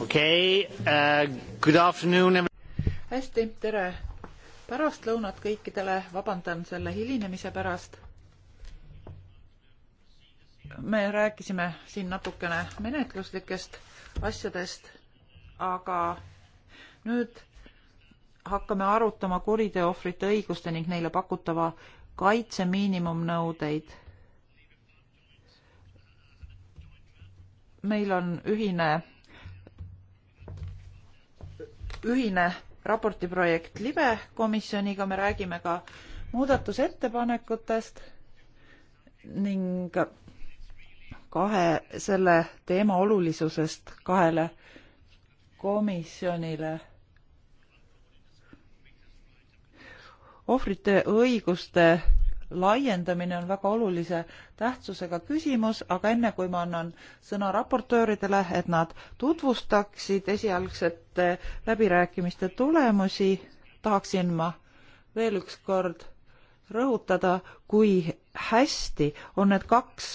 okei okay, uh,, good afternoon. hästi, tere pärastlõunat kõikidele, vabandan selle hilinemise pärast. me rääkisime siin natukene menetluslikest asjadest, aga nüüd hakkame arutama kuriteoohvrite õiguste ning neile pakutava kaitse miinimumnõudeid meil on ühine, ühine raportiprojekt libe komisjoniga, me räägime ka muudatusettepanekutest ning kahe selle teema olulisusest kahele komisjonile. ohvrite õiguste laiendamine on väga olulise tähtsusega küsimus, aga enne kui ma annan sõna raportööridele, et nad tutvustaksid esialgsete läbirääkimiste tulemusi, tahaksin ma veel üks kord rõhutada, kui hästi on need kaks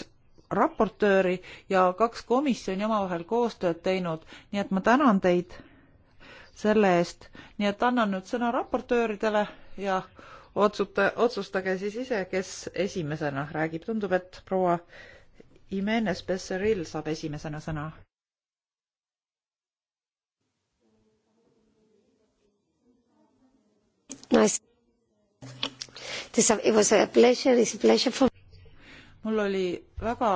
raportööri ja kaks komisjoni omavahel koostööd teinud, nii et ma tänan teid selle eest, nii et annan nüüd sõna raportööridele ja otsuta, otsustage siis ise, kes esimesena räägib. tundub, et proua Imenes Besseril saab esimesena sõna. Nice. This, it was a pleasure, it's a pleasure for mul oli väga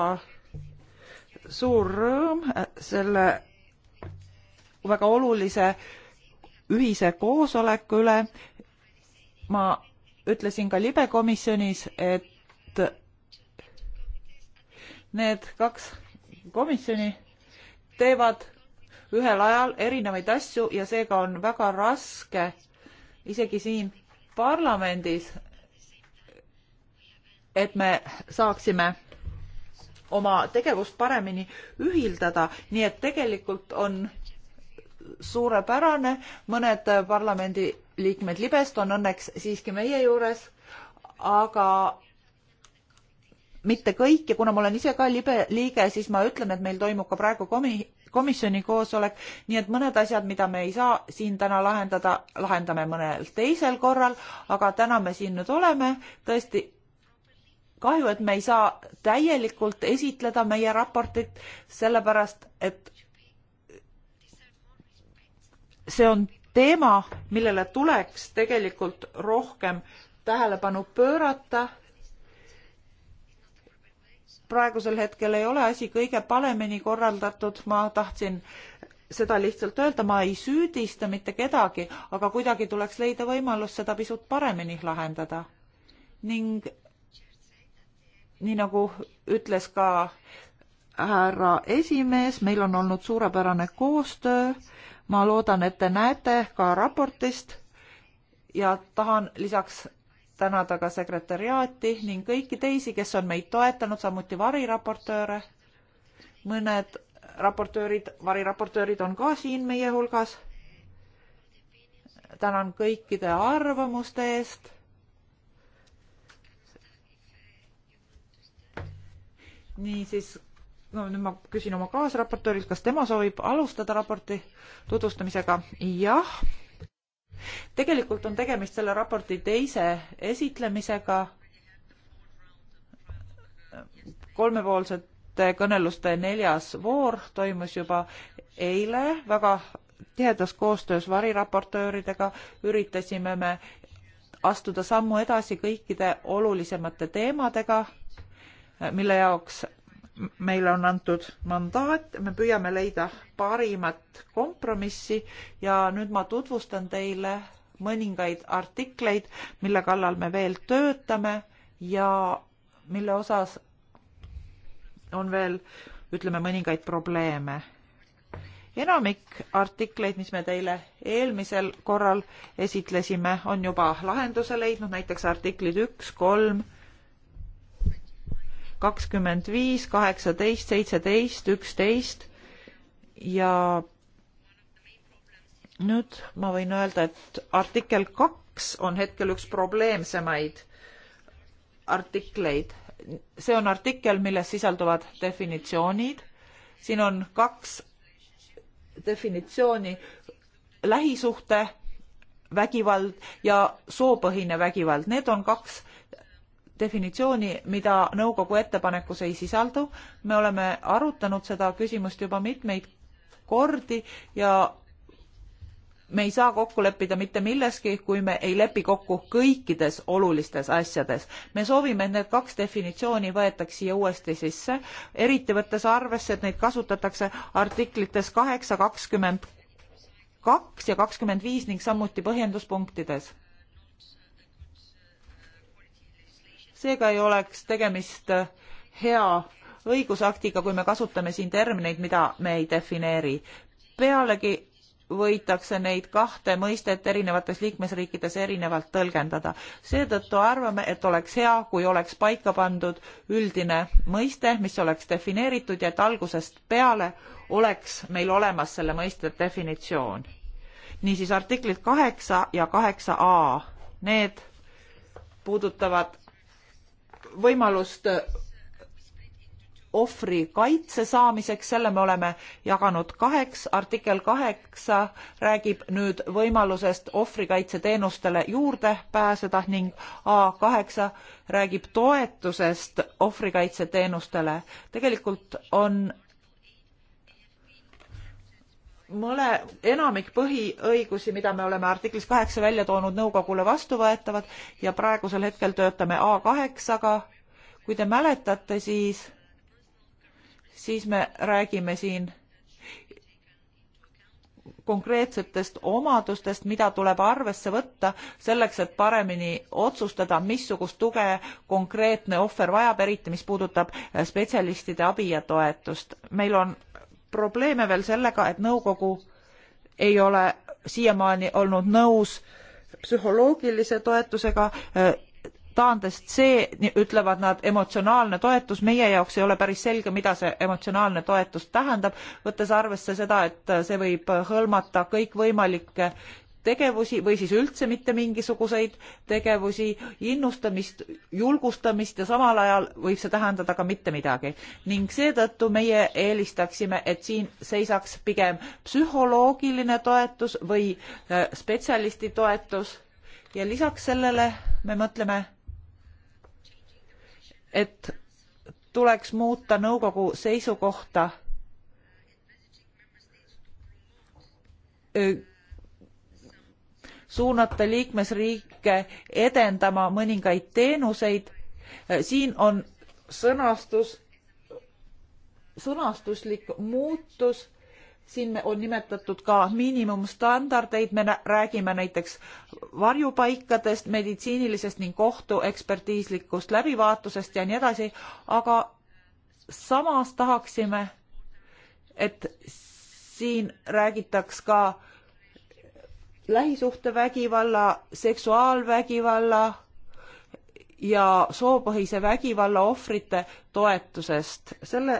suur rõõm äh, selle väga olulise ühise koosoleku üle. ma ütlesin ka libekomisjonis, et need kaks komisjoni teevad ühel ajal erinevaid asju ja seega on väga raske isegi siin parlamendis, et me saaksime oma tegevust paremini ühildada, nii et tegelikult on suurepärane, mõned parlamendi liikmed libest on õnneks siiski meie juures, aga mitte kõik ja kuna ma olen ise ka libe liige, siis ma ütlen, et meil toimub ka praegu komi-, komisjoni koosolek, nii et mõned asjad, mida me ei saa siin täna lahendada, lahendame mõnel teisel korral, aga täna me siin nüüd oleme, tõesti kahju, et me ei saa täielikult esitleda meie raportit, sellepärast et see on teema, millele tuleks tegelikult rohkem tähelepanu pöörata. praegusel hetkel ei ole asi kõige paremini korraldatud, ma tahtsin seda lihtsalt öelda, ma ei süüdista mitte kedagi, aga kuidagi tuleks leida võimalus seda pisut paremini lahendada. ning nii nagu ütles ka härra esimees, meil on olnud suurepärane koostöö ma loodan, et te näete ka raportist ja tahan lisaks tänada ka sekretäriaati ning kõiki teisi, kes on meid toetanud, samuti variraportööre. mõned raportöörid, variraportöörid on ka siin meie hulgas. tänan kõikide arvamuste eest. niisiis no nüüd ma küsin oma kaasraportöörilt, kas tema soovib alustada raporti tutvustamisega? jah. tegelikult on tegemist selle raporti teise esitlemisega kolmepoolsete kõneluste neljas voor toimus juba eile väga tihedas koostöös variraportööridega üritasime me astuda sammu edasi kõikide olulisemate teemadega, mille jaoks meile on antud mandaat, me püüame leida parimat kompromissi ja nüüd ma tutvustan teile mõningaid artikleid, mille kallal me veel töötame ja mille osas on veel, ütleme, mõningaid probleeme. enamik artikleid, mis me teile eelmisel korral esitlesime, on juba lahenduse leidnud, näiteks artiklid üks, kolm kakskümmend viis, kaheksateist, seitseteist, üksteist ja nüüd ma võin öelda, et artikkel kaks on hetkel üks probleemsemaid artikleid. see on artikkel, milles sisalduvad definitsioonid. siin on kaks definitsiooni, lähisuhte vägivald ja soopõhine vägivald, need on kaks definitsiooni, mida nõukogu ettepanekus ei sisaldu. me oleme arutanud seda küsimust juba mitmeid kordi ja me ei saa kokku leppida mitte milleski, kui me ei lepi kokku kõikides olulistes asjades. me soovime, et need kaks definitsiooni võetaks siia uuesti sisse, eriti võttes arvesse, et neid kasutatakse artiklites kaheksa, kakskümmend kaks ja kakskümmend viis ning samuti põhjenduspunktides seega ei oleks tegemist äh, hea õigusaktiga, kui me kasutame siin termineid, mida me ei defineeri. pealegi võidakse neid kahte mõistet erinevates liikmesriikides erinevalt tõlgendada. seetõttu arvame, et oleks hea, kui oleks paika pandud üldine mõiste, mis oleks defineeritud ja et algusest peale oleks meil olemas selle mõiste definitsioon. niisiis artiklid kaheksa ja kaheksa A, need puudutavad võimalust ohvri kaitse saamiseks, selle me oleme jaganud kaheks, artikkel kaheksa räägib nüüd võimalusest ohvrikaitseteenustele juurde pääseda ning A kaheksa räägib toetusest ohvrikaitseteenustele. tegelikult on mõle, enamik põhiõigusi, mida me oleme artiklis kaheksa välja toonud, nõukogule vastuvõetavad ja praegusel hetkel töötame A kaheksaga. kui te mäletate, siis, siis me räägime siin konkreetsetest omadustest, mida tuleb arvesse võtta selleks, et paremini otsustada, missugust tuge konkreetne ohver vajab, eriti mis puudutab spetsialistide abi ja toetust. meil on probleeme veel sellega, et nõukogu ei ole siiamaani olnud nõus psühholoogilise toetusega. taandest see, ütlevad nad, emotsionaalne toetus, meie jaoks ei ole päris selge, mida see emotsionaalne toetus tähendab, võttes arvesse seda, et see võib hõlmata kõikvõimalikke tegevusi või siis üldse mitte mingisuguseid tegevusi, innustamist, julgustamist ja samal ajal võib see tähendada ka mitte midagi. ning seetõttu meie eelistaksime, et siin seisaks pigem psühholoogiline toetus või äh, spetsialisti toetus ja lisaks sellele me mõtleme, et tuleks muuta nõukogu seisukohta äh, suunata liikmesriike edendama mõningaid teenuseid. siin on sõnastus, sõnastuslik muutus, siin on nimetatud ka miinimumstandardeid, me räägime näiteks varjupaikadest, meditsiinilisest ning kohtuekspertiislikust läbivaatusest ja nii edasi, aga samas tahaksime, et siin räägitaks ka lähisuhtevägivalla, seksuaalvägivalla ja soopõhise vägivalla ohvrite toetusest. selle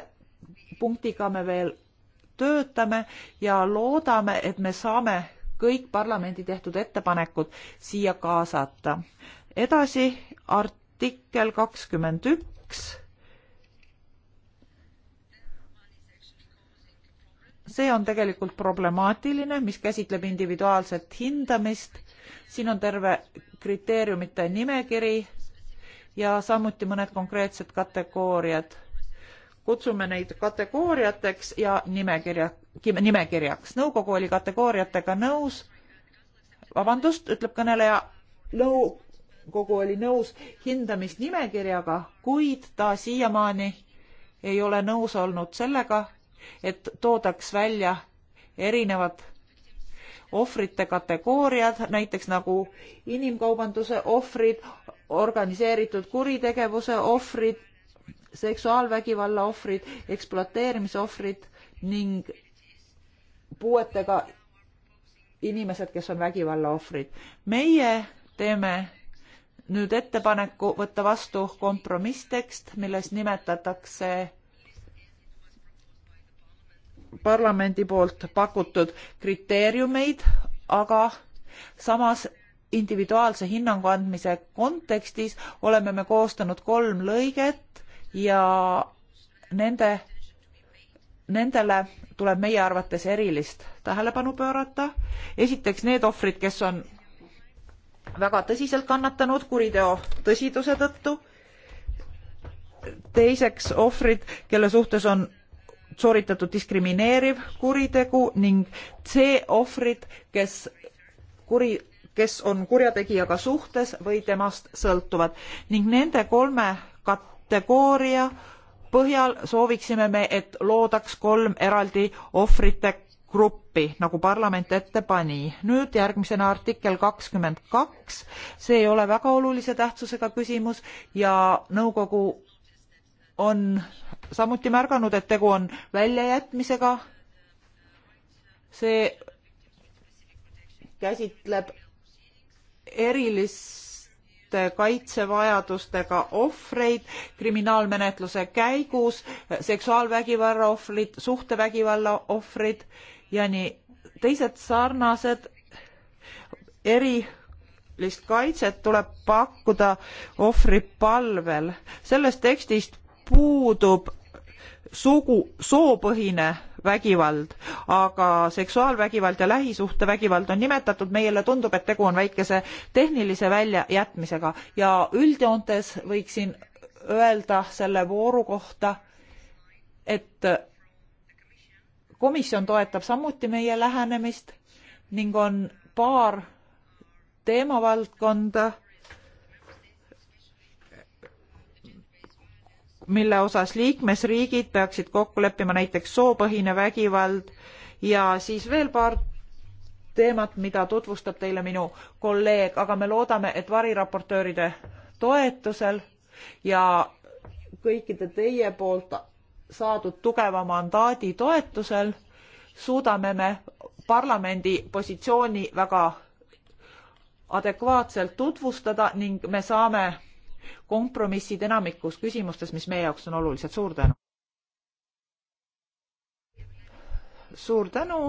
punktiga me veel töötame ja loodame, et me saame kõik parlamendi tehtud ettepanekud siia kaasata. edasi artikkel kakskümmend üks see on tegelikult problemaatiline, mis käsitleb individuaalset hindamist. siin on terve kriteeriumite nimekiri ja samuti mõned konkreetsed kategooriad. kutsume neid kategooriateks ja nimekirja, nimekirjaks. nõukogu oli kategooriatega nõus. vabandust, ütleb kõneleja, nõukogu oli nõus hindamisnimekirjaga, kuid ta siiamaani ei ole nõus olnud sellega, et toodaks välja erinevad ohvrite kategooriad, näiteks nagu inimkaubanduse ohvrid, organiseeritud kuritegevuse ohvrid, seksuaalvägivalla ohvrid, ekspluateerimise ohvrid ning puuetega inimesed, kes on vägivalla ohvrid. meie teeme nüüd ettepaneku võtta vastu kompromisstekst, milles nimetatakse parlamendi poolt pakutud kriteeriumeid, aga samas individuaalse hinnangu andmise kontekstis oleme me koostanud kolm lõiget ja nende, nendele tuleb meie arvates erilist tähelepanu pöörata. esiteks need ohvrid, kes on väga tõsiselt kannatanud kuriteo tõsiduse tõttu. teiseks ohvrid, kelle suhtes on sooritatud diskrimineeriv kuritegu ning C ohvrid, kes kuri, kes on kurjategijaga suhtes või temast sõltuvad ning nende kolme kategooria põhjal sooviksime me, et loodaks kolm eraldi ohvrite gruppi, nagu parlament ette pani. nüüd järgmisena artikkel kakskümmend kaks, see ei ole väga olulise tähtsusega küsimus ja nõukogu on samuti märganud, et tegu on väljajätmisega. see käsitleb eriliste kaitsevajadustega ohvreid kriminaalmenetluse käigus, seksuaalvägivalla ohvrid, suhtevägivalla ohvrid ja nii teised sarnased erilist kaitset tuleb pakkuda ohvri palvel. sellest tekstist puudub sugu, soopõhine vägivald, aga seksuaalvägivald ja lähisuhtevägivald on nimetatud, meile tundub, et tegu on väikese tehnilise väljajätmisega ja üldjoontes võiksin öelda selle vooru kohta, et komisjon toetab samuti meie lähenemist ning on paar teemavaldkonda mille osas liikmesriigid peaksid kokku leppima, näiteks soopõhine vägivald ja siis veel paar teemat, mida tutvustab teile minu kolleeg, aga me loodame, et variraportööride toetusel ja kõikide teie poolt saadud tugeva mandaadi toetusel suudame me parlamendi positsiooni väga adekvaatselt tutvustada ning me saame kompromissid enamikus küsimustes, mis meie jaoks on olulised. suur tänu! suur tänu,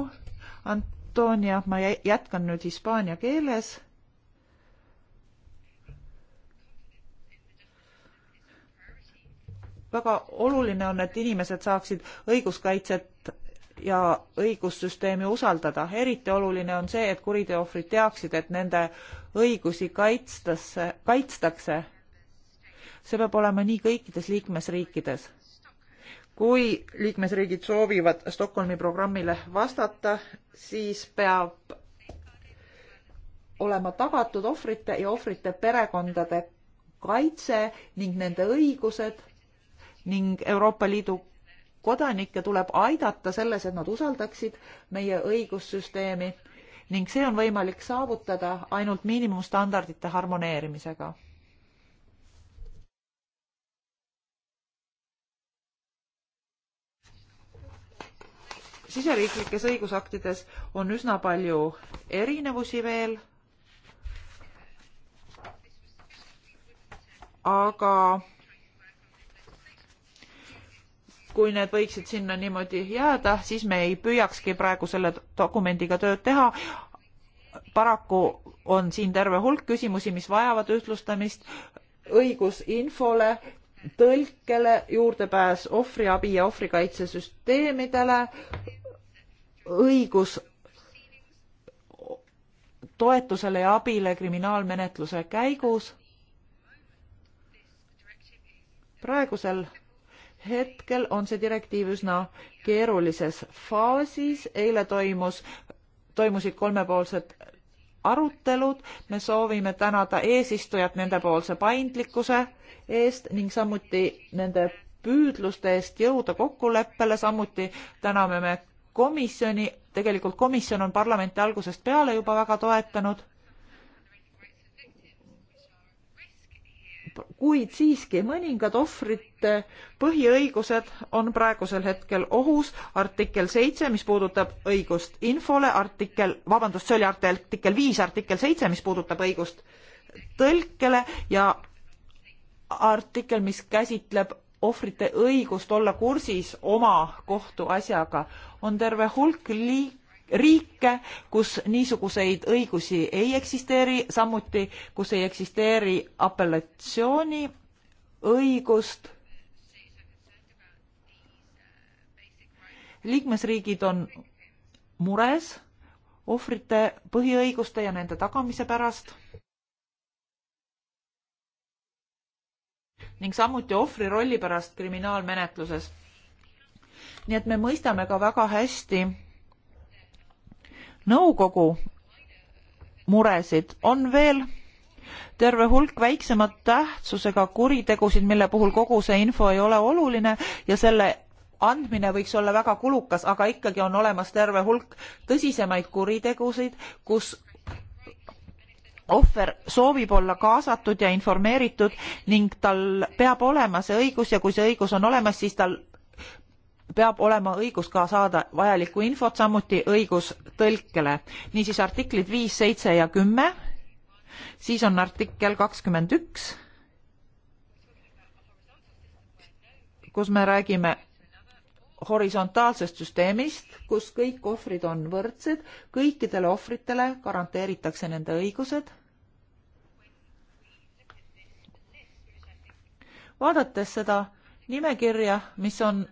Antonia, ma jätkan nüüd hispaania keeles. väga oluline on, et inimesed saaksid õiguskaitset ja õigussüsteemi usaldada. eriti oluline on see, et kuriteoohvrid teaksid, et nende õigusi kaitstakse, kaitstakse see peab olema nii kõikides liikmesriikides. kui liikmesriigid soovivad Stockholmi programmile vastata, siis peab olema tagatud ohvrite ja ohvrite perekondade kaitse ning nende õigused ning Euroopa Liidu kodanikke tuleb aidata selles, et nad usaldaksid meie õigussüsteemi ning see on võimalik saavutada ainult miinimumstandardite harmoneerimisega siseriiklikes õigusaktides on üsna palju erinevusi veel, aga kui need võiksid sinna niimoodi jääda, siis me ei püüakski praegu selle dokumendiga tööd teha. paraku on siin terve hulk küsimusi, mis vajavad ühtlustamist, õigus infole, tõlkele, juurdepääs ohvriabi ja ohvrikaitsesüsteemidele, õigus toetusele ja abile kriminaalmenetluse käigus. praegusel hetkel on see direktiiv üsna keerulises faasis, eile toimus, toimusid kolmepoolsed arutelud. me soovime tänada eesistujat nendepoolse paindlikkuse eest ning samuti nende püüdluste eest jõuda kokkuleppele, samuti täname me komisjoni, tegelikult komisjon on parlamenti algusest peale juba väga toetanud kuid siiski mõningad ohvrite põhiõigused on praegusel hetkel ohus. artikkel seitse, mis puudutab õigust infole, artikkel, vabandust, see oli artikkel viis, artikkel seitse, mis puudutab õigust tõlkele ja artikkel, mis käsitleb ohvrite õigust olla kursis oma kohtuasjaga, on terve hulk liik-, riike, kus niisuguseid õigusi ei eksisteeri, samuti kus ei eksisteeri apellatsiooniõigust. liikmesriigid on mures ohvrite põhiõiguste ja nende tagamise pärast. ning samuti ohvri rolli pärast kriminaalmenetluses. nii et me mõistame ka väga hästi nõukogu muresid on veel terve hulk väiksema tähtsusega kuritegusid, mille puhul kogu see info ei ole oluline ja selle andmine võiks olla väga kulukas, aga ikkagi on olemas terve hulk tõsisemaid kuritegusid, kus ohver soovib olla kaasatud ja informeeritud ning tal peab olema see õigus ja kui see õigus on olemas, siis tal peab olema õigus ka saada vajalikku infot, samuti õigus tõlkele. niisiis artiklid viis, seitse ja kümme, siis on artikkel kakskümmend üks, kus me räägime horisontaalsest süsteemist, kus kõik ohvrid on võrdsed, kõikidele ohvritele garanteeritakse nende õigused. vaadates seda nimekirja, mis on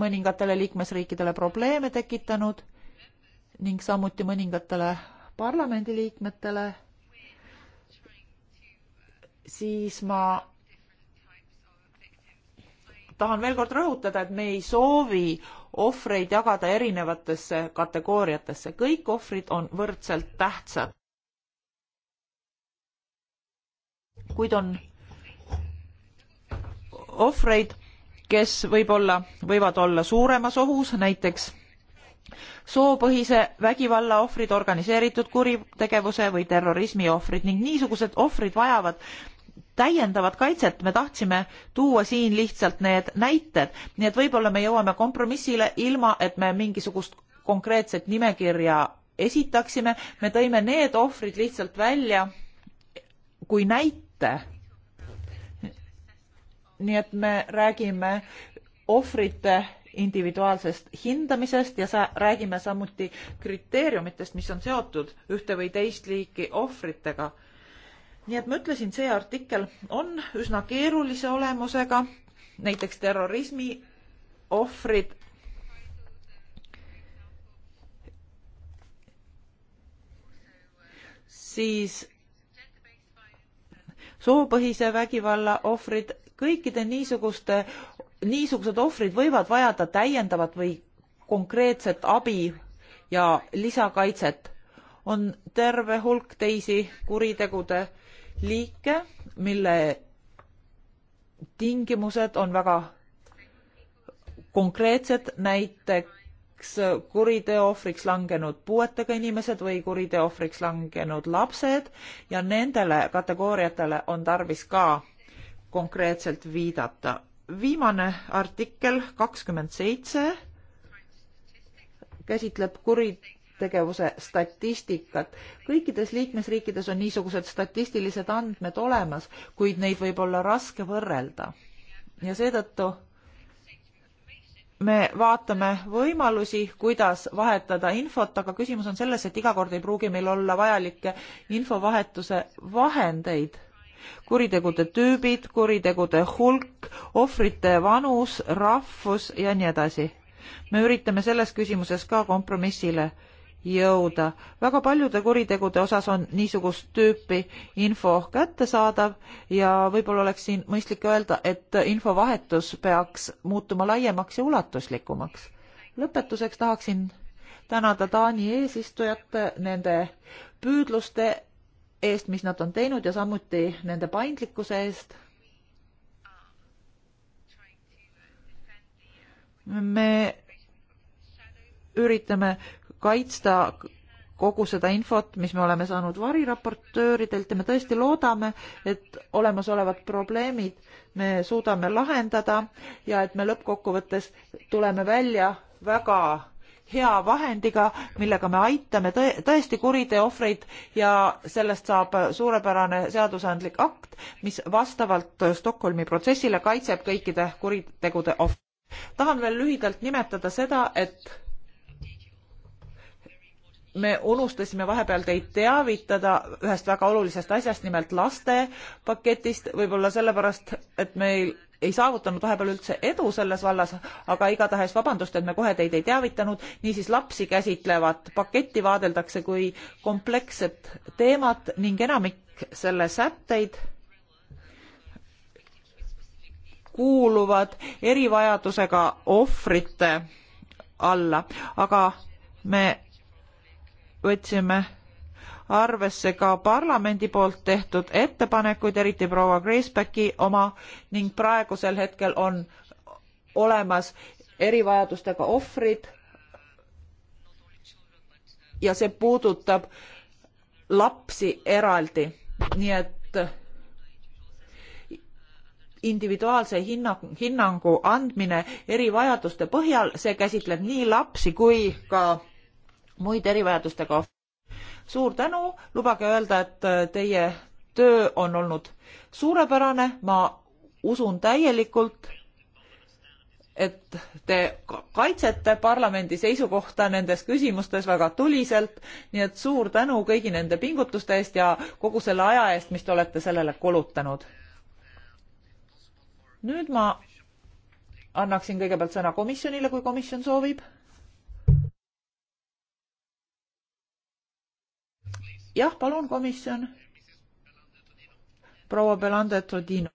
mõningatele liikmesriikidele probleeme tekitanud ning samuti mõningatele parlamendiliikmetele, siis ma tahan veel kord rõhutada, et me ei soovi ohvreid jagada erinevatesse kategooriatesse, kõik ohvrid on võrdselt tähtsad. kuid on ohvreid, kes võib-olla võivad olla suuremas ohus näiteks soopõhise vägivalla ohvrid organiseeritud kuritegevuse või terrorismi ohvrid ning niisugused ohvrid vajavad täiendavat kaitset me tahtsime tuua siin lihtsalt need näited nii et võib-olla me jõuame kompromissile ilma et me mingisugust konkreetset nimekirja esitaksime me tõime need ohvrid lihtsalt välja kui näite nii et me räägime ohvrite individuaalsest hindamisest ja sa, räägime samuti kriteeriumitest, mis on seotud ühte või teist liiki ohvritega. nii et ma ütlesin, see artikkel on üsna keerulise olemusega, näiteks terrorismi ohvrid. siis soopõhise vägivalla ohvrid kõikide niisuguste, niisugused ohvrid võivad vajada täiendavat või konkreetset abi ja lisakaitset. on terve hulk teisi kuritegude liike, mille tingimused on väga konkreetsed, näiteks kuriteo ohvriks langenud puuetega inimesed või kuriteo ohvriks langenud lapsed ja nendele kategooriatele on tarvis ka konkreetselt viidata. viimane artikkel kakskümmend seitse käsitleb kuritegevuse statistikat. kõikides liikmesriikides on niisugused statistilised andmed olemas, kuid neid võib olla raske võrrelda. ja seetõttu me vaatame võimalusi, kuidas vahetada infot, aga küsimus on selles, et iga kord ei pruugi meil olla vajalikke infovahetuse vahendeid kuritegude tüübid, kuritegude hulk, ohvrite vanus, rahvus ja nii edasi. me üritame selles küsimuses ka kompromissile jõuda. väga paljude kuritegude osas on niisugust tüüpi info kättesaadav ja võib-olla oleks siin mõistlik öelda, et infovahetus peaks muutuma laiemaks ja ulatuslikumaks. lõpetuseks tahaksin tänada Taani eesistujat nende püüdluste eest, mis nad on teinud ja samuti nende paindlikkuse eest. me üritame kaitsta kogu seda infot, mis me oleme saanud variraportööridelt ja me tõesti loodame, et olemasolevad probleemid me suudame lahendada ja et me lõppkokkuvõttes tuleme välja väga hea vahendiga, millega me aitame tõ tõesti kuriteo ohvreid ja sellest saab suurepärane seadusandlik akt, mis vastavalt Stockholmi protsessile kaitseb kõikide kuritegude ohvreid. tahan veel lühidalt nimetada seda, et me unustasime vahepeal teid teavitada ühest väga olulisest asjast, nimelt laste paketist, võib-olla sellepärast, et meil ei saavutanud vahepeal üldse edu selles vallas, aga igatahes vabandust, et me kohe teid ei teavitanud, niisiis lapsi käsitlevat paketti vaadeldakse kui kompleksset teemat ning enamik selle sätteid kuuluvad erivajadusega ohvrite alla, aga me võtsime arvesse ka parlamendi poolt tehtud ettepanekuid, eriti proua Gracebacki oma ning praegusel hetkel on olemas erivajadustega ohvrid ja see puudutab lapsi eraldi, nii et individuaalse hinnang, hinnangu andmine erivajaduste põhjal, see käsitleb nii lapsi kui ka muid erivajadustega suur tänu, lubage öelda, et äh, teie töö on olnud suurepärane, ma usun täielikult, et te kaitsete parlamendi seisukohta nendes küsimustes väga tuliselt, nii et suur tänu kõigi nende pingutuste eest ja kogu selle aja eest, mis te olete sellele kulutanud. nüüd ma annaksin kõigepealt sõna komisjonile, kui komisjon soovib jah, palun, komisjon. proua Belande Todino.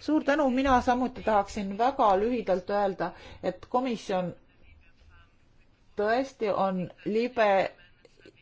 suur tänu, mina samuti tahaksin väga lühidalt öelda, et komisjon tõesti on libe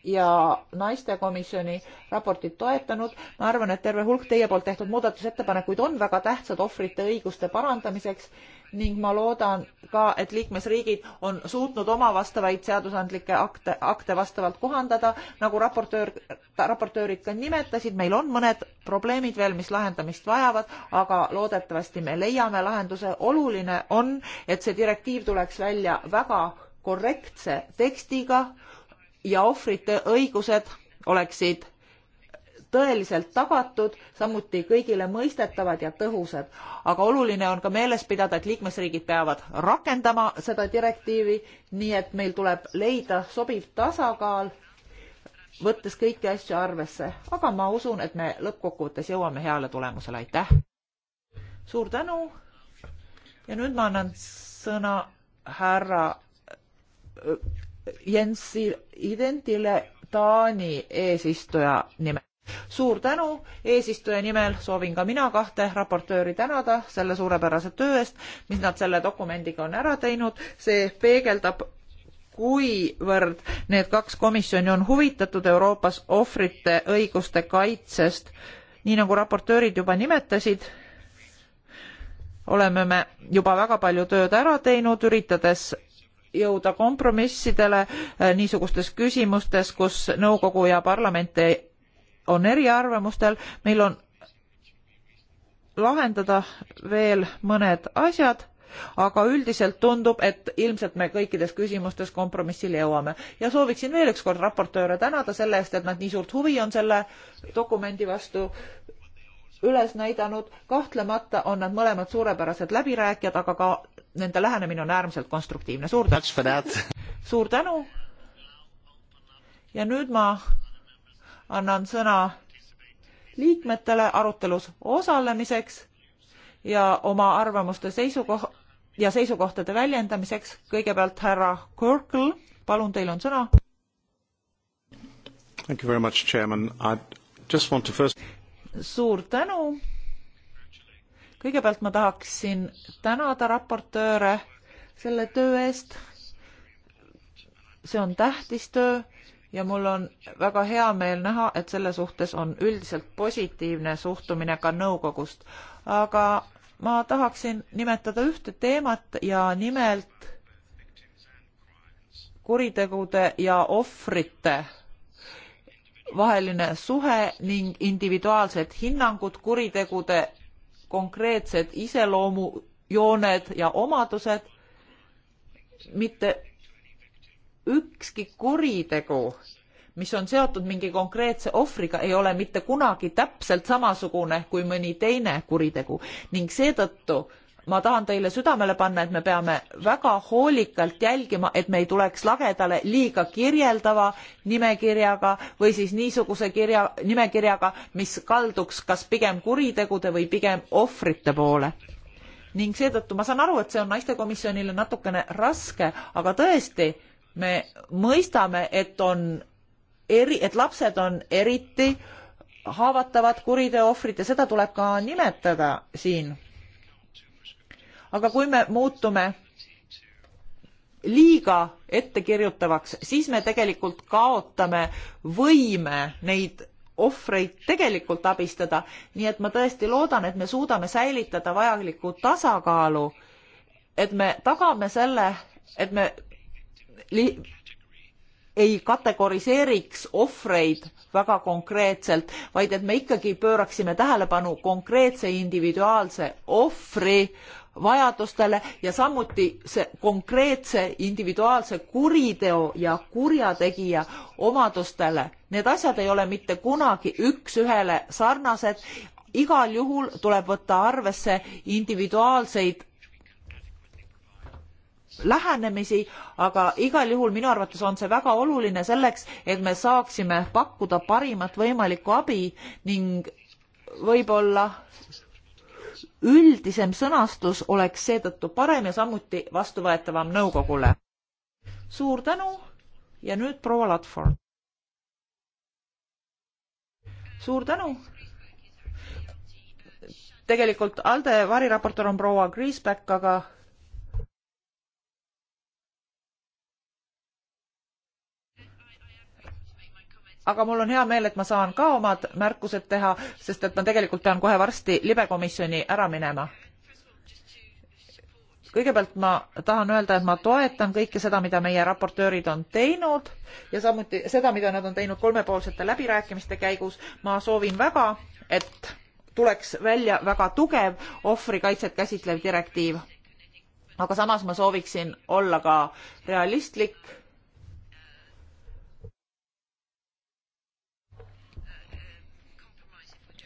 ja naistekomisjoni raportit toetanud. ma arvan, et terve hulk teie poolt tehtud muudatusettepanekuid on väga tähtsad ohvrite õiguste parandamiseks ning ma loodan ka, et liikmesriigid on suutnud oma vastavaid seadusandlikke akte, akte vastavalt kohandada, nagu raportöör, raportöörid ka nimetasid, meil on mõned probleemid veel, mis lahendamist vajavad, aga loodetavasti me leiame lahenduse. oluline on, et see direktiiv tuleks välja väga korrektse tekstiga ja ohvrite õigused oleksid tõeliselt tagatud, samuti kõigile mõistetavad ja tõhusad. aga oluline on ka meeles pidada, et liikmesriigid peavad rakendama seda direktiivi, nii et meil tuleb leida sobiv tasakaal, võttes kõiki asju arvesse, aga ma usun, et me lõppkokkuvõttes jõuame heale tulemusele, aitäh! suur tänu ja nüüd ma annan sõna härra äh, Jens Identile Taani eesistuja nimel suur tänu, eesistuja nimel soovin ka mina kahte raportööri tänada selle suurepärase töö eest, mis nad selle dokumendiga on ära teinud, see peegeldab kuivõrd need kaks komisjoni on huvitatud Euroopas ohvrite õiguste kaitsest. nii nagu raportöörid juba nimetasid, oleme me juba väga palju tööd ära teinud, üritades jõuda kompromissidele eh, niisugustes küsimustes, kus nõukogu ja parlament ei on eriarvamustel, meil on lahendada veel mõned asjad, aga üldiselt tundub, et ilmselt me kõikides küsimustes kompromissile jõuame ja sooviksin veel ükskord raportööre tänada selle eest, et nad nii suurt huvi on selle dokumendi vastu üles näidanud. kahtlemata on nad mõlemad suurepärased läbirääkijad, aga ka nende lähenemine on äärmiselt konstruktiivne. suur tänu. suur tänu. ja nüüd ma annan sõna liikmetele arutelus osalemiseks ja oma arvamuste seisukoh- ja seisukohtade väljendamiseks. kõigepealt härra Korkl, palun, teil on sõna. Thank you very much, chairman. I just want to first suur tänu. kõigepealt ma tahaksin tänada raportööre selle töö eest. see on tähtis töö ja mul on väga hea meel näha, et selle suhtes on üldiselt positiivne suhtumine ka nõukogust. aga ma tahaksin nimetada ühte teemat ja nimelt kuritegude ja ohvrite vaheline suhe ning individuaalsed hinnangud, kuritegude konkreetsed iseloomujooned ja omadused, mitte ükski kuritegu, mis on seotud mingi konkreetse ohvriga, ei ole mitte kunagi täpselt samasugune kui mõni teine kuritegu ning seetõttu ma tahan teile südamele panna, et me peame väga hoolikalt jälgima, et me ei tuleks lagedale liiga kirjeldava nimekirjaga või siis niisuguse kirja, nimekirjaga, mis kalduks kas pigem kuritegude või pigem ohvrite poole. ning seetõttu ma saan aru, et see on naistekomisjonile natukene raske, aga tõesti, me mõistame, et on eri, et lapsed on eriti haavatavad kuriteo ohvrid ja seda tuleb ka nimetada siin. aga kui me muutume liiga ettekirjutavaks, siis me tegelikult kaotame võime neid ohvreid tegelikult abistada, nii et ma tõesti loodan, et me suudame säilitada vajaliku tasakaalu, et me tagame selle, et me ei kategoriseeriks ohvreid väga konkreetselt, vaid et me ikkagi pööraksime tähelepanu konkreetse individuaalse ohvri vajadustele ja samuti see konkreetse individuaalse kuriteo ja kurjategija omadustele. Need asjad ei ole mitte kunagi üks-ühele sarnased, igal juhul tuleb võtta arvesse individuaalseid lähenemisi, aga igal juhul minu arvates on see väga oluline selleks, et me saaksime pakkuda parimat võimalikku abi ning võib-olla üldisem sõnastus oleks seetõttu parem ja samuti vastuvõetavam nõukogule. suur tänu ja nüüd proua Ladford. suur tänu. tegelikult ALDE variraportor on proua Kriisbeck, aga aga mul on hea meel, et ma saan ka omad märkused teha, sest et ma tegelikult pean kohe varsti libekomisjoni ära minema. kõigepealt ma tahan öelda, et ma toetan kõike seda, mida meie raportöörid on teinud ja samuti seda, mida nad on teinud kolmepoolsete läbirääkimiste käigus. ma soovin väga, et tuleks välja väga tugev ohvrikaitset käsitlev direktiiv. aga samas ma sooviksin olla ka realistlik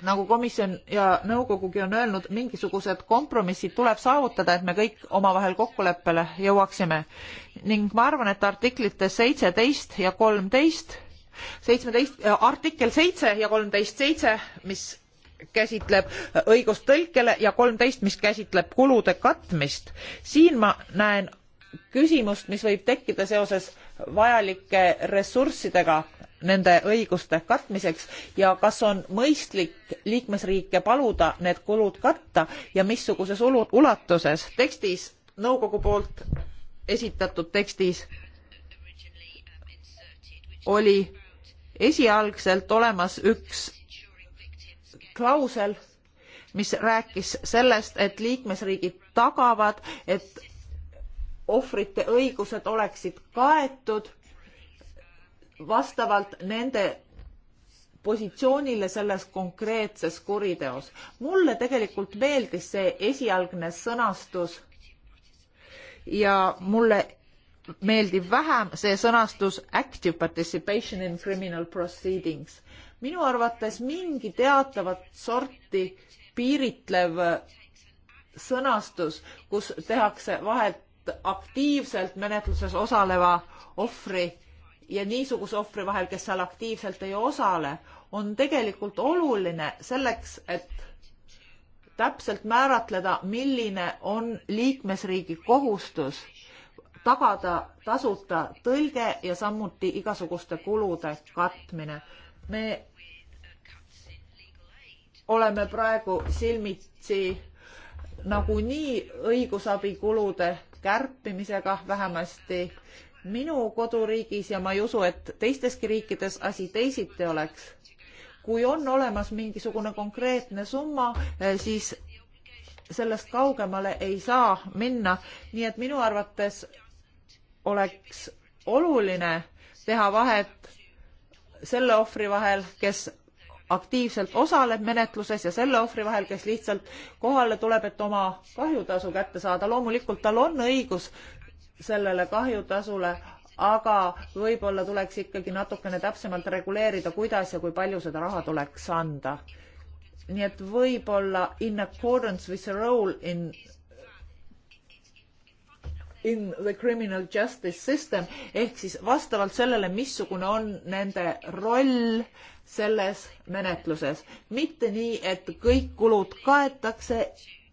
nagu komisjon ja nõukogugi on öelnud, mingisugused kompromissid tuleb saavutada, et me kõik omavahel kokkuleppele jõuaksime. ning ma arvan, et artiklites seitseteist ja kolmteist, seitsmeteist, artikkel seitse ja kolmteist seitse, mis käsitleb õigust tõlkele ja kolmteist, mis käsitleb kulude katmist, siin ma näen küsimust, mis võib tekkida seoses vajalike ressurssidega nende õiguste katmiseks ja kas on mõistlik liikmesriike paluda need kulud katta ja missuguses ulatuses tekstis nõukogu poolt esitatud tekstis oli esialgselt olemas üks klausel mis rääkis sellest et liikmesriigid tagavad et ohvrite õigused oleksid kaetud vastavalt nende positsioonile selles konkreetses kuriteos. mulle tegelikult meeldis see esialgne sõnastus ja mulle meeldib vähem see sõnastus active participation in criminal proceedings. minu arvates mingi teatavat sorti piiritlev sõnastus, kus tehakse vahet aktiivselt menetluses osaleva ohvri ja niisuguse ohvri vahel, kes seal aktiivselt ei osale, on tegelikult oluline selleks, et täpselt määratleda, milline on liikmesriigi kohustus tagada tasuta tõlge ja samuti igasuguste kulude katmine. me oleme praegu silmitsi nagunii õigusabikulude kärpimisega, vähemasti minu koduriigis ja ma ei usu, et teisteski riikides asi teisiti oleks. kui on olemas mingisugune konkreetne summa, eh, siis sellest kaugemale ei saa minna, nii et minu arvates oleks oluline teha vahet selle ohvri vahel, kes aktiivselt osaleb menetluses ja selle ohvri vahel, kes lihtsalt kohale tuleb, et oma kahjutasu kätte saada. loomulikult tal on õigus sellele kahjutasule, aga võib-olla tuleks ikkagi natukene täpsemalt reguleerida, kuidas ja kui palju seda raha tuleks anda. nii et võib-olla in accordance with the role in in the criminal justice system ehk siis vastavalt sellele, missugune on nende roll selles menetluses, mitte nii, et kõik kulud kaetakse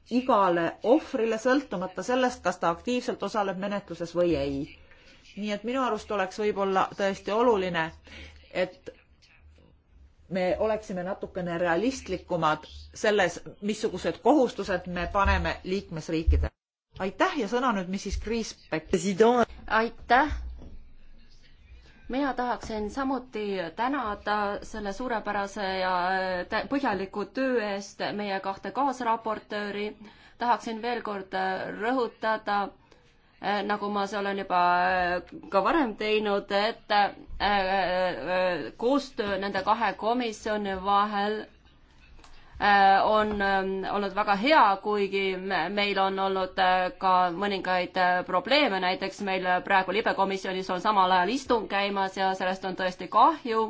igale ohvrile, sõltumata sellest, kas ta aktiivselt osaleb menetluses või ei. nii et minu arust oleks võib-olla tõesti oluline, et me oleksime natukene realistlikumad selles, missugused kohustused me paneme liikmesriikidele. aitäh ja sõna nüüd, mis siis Kriis Pekk. aitäh mina tahaksin samuti tänada selle suurepärase ja äh, põhjaliku töö eest meie kahte kaasraportööri. tahaksin veel kord äh, rõhutada, äh, nagu ma seal olen juba ka varem teinud, et koostöö nende kahe komisjoni vahel Äh, on ähm, olnud väga hea, kuigi meil on olnud äh, ka mõningaid äh, probleeme, näiteks meil praegu libekomisjonis on samal ajal istung käimas ja sellest on tõesti kahju.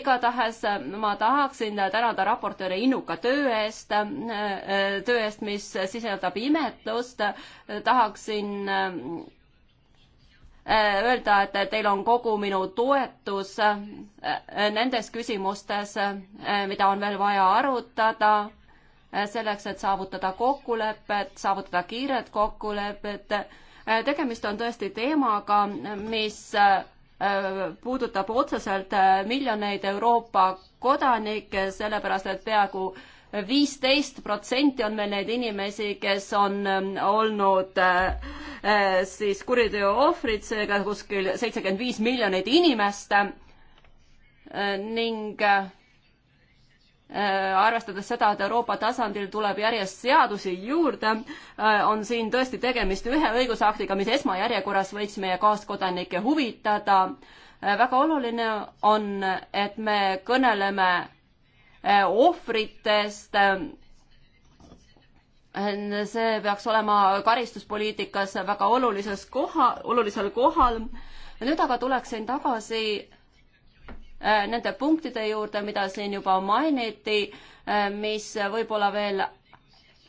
igatahes ma tahaksin tänada raportööri innuka töö eest, töö eest, mis sisaldab imetlust, tahaksin Äh, öelda, et teil on kogu minu toetus äh, nendes küsimustes, äh, mida on veel vaja arutada, selleks, et saavutada kokkulepet, saavutada kiiret kokkulepet. tegemist on tõesti teemaga, mis puudutab otseselt miljoneid Euroopa kodanikke, sellepärast et peaaegu viisteist protsenti on meil neid inimesi, kes on ähm, olnud äh, äh, siis kuriteo ohvrid, seega kuskil seitsekümmend viis miljonit inimest äh, ning arvestades seda, et Euroopa tasandil tuleb järjest seadusi juurde, on siin tõesti tegemist ühe õigusaktiga, mis esmajärjekorras võiks meie kaaskodanikke huvitada. väga oluline on, et me kõneleme Eh, ohvritest. Eh, see peaks olema karistuspoliitikas väga olulises koha, olulisel kohal. nüüd aga tuleksin tagasi eh, nende punktide juurde, mida siin juba mainiti, mis võib-olla veel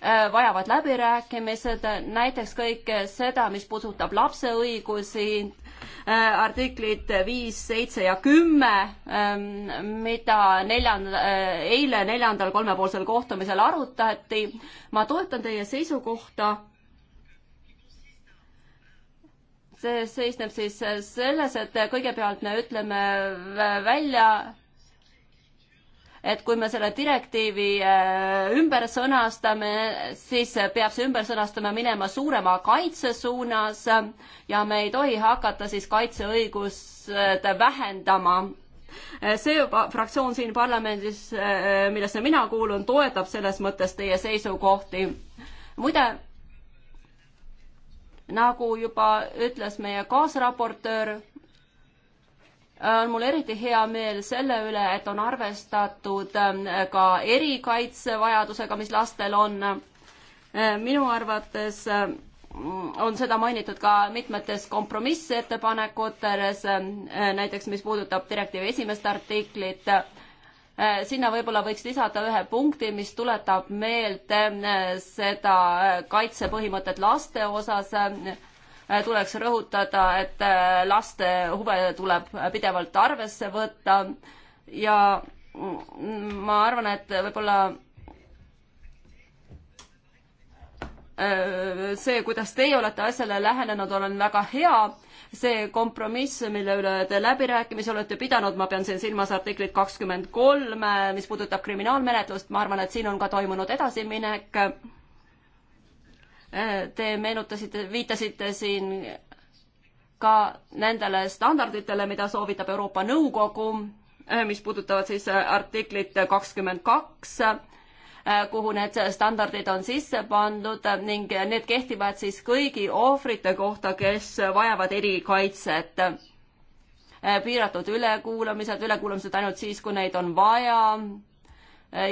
Äh, vajavad läbirääkimised, näiteks kõike seda, mis puudutab lapse õigusi, äh, artiklid viis, seitse ja kümme, ähm, mida neljanda, äh, eile neljandal kolmepoolsel kohtumisel arutati. ma toetan teie seisukohta see seisneb siis selles, et kõigepealt me ütleme välja, et kui me selle direktiivi äh, ümber sõnastame, siis peab see ümber sõnastama minema suurema kaitse suunas ja me ei tohi hakata siis kaitseõigust äh, vähendama. Äh, see fraktsioon siin parlamendis, millesse mina kuulun, toetab selles mõttes teie seisukohti. muide, nagu juba ütles meie kaasraportöör, on mul eriti hea meel selle üle, et on arvestatud äh, ka erikaitsevajadusega, mis lastel on. Äh, minu arvates äh, on seda mainitud ka mitmetes kompromissettepanekutes, näiteks mis puudutab direktiivi esimest artiklit. sinna võib-olla võiks lisada ühe punkti, mis tuletab meelde seda kaitsepõhimõtet laste osas tuleks rõhutada, et äh, laste huve tuleb pidevalt arvesse võtta ja ma arvan, et võib-olla äh, see, kuidas teie olete asjale lähenenud, olen väga hea. see kompromiss, mille üle te läbirääkimisi olete pidanud, ma pean siin silmas artiklit kakskümmend kolm, mis puudutab kriminaalmenetlust, ma arvan, et siin on ka toimunud edasiminek Äh, te meenutasite, viitasite siin ka nendele standarditele, mida soovitab Euroopa Nõukogu, äh, mis puudutavad siis äh, artiklit kakskümmend kaks, kuhu need standardid on sisse pandud ning need kehtivad siis kõigi ohvrite kohta, kes vajavad erikaitset. piiratud ülekuulamised, ülekuulamised ainult siis, kui neid on vaja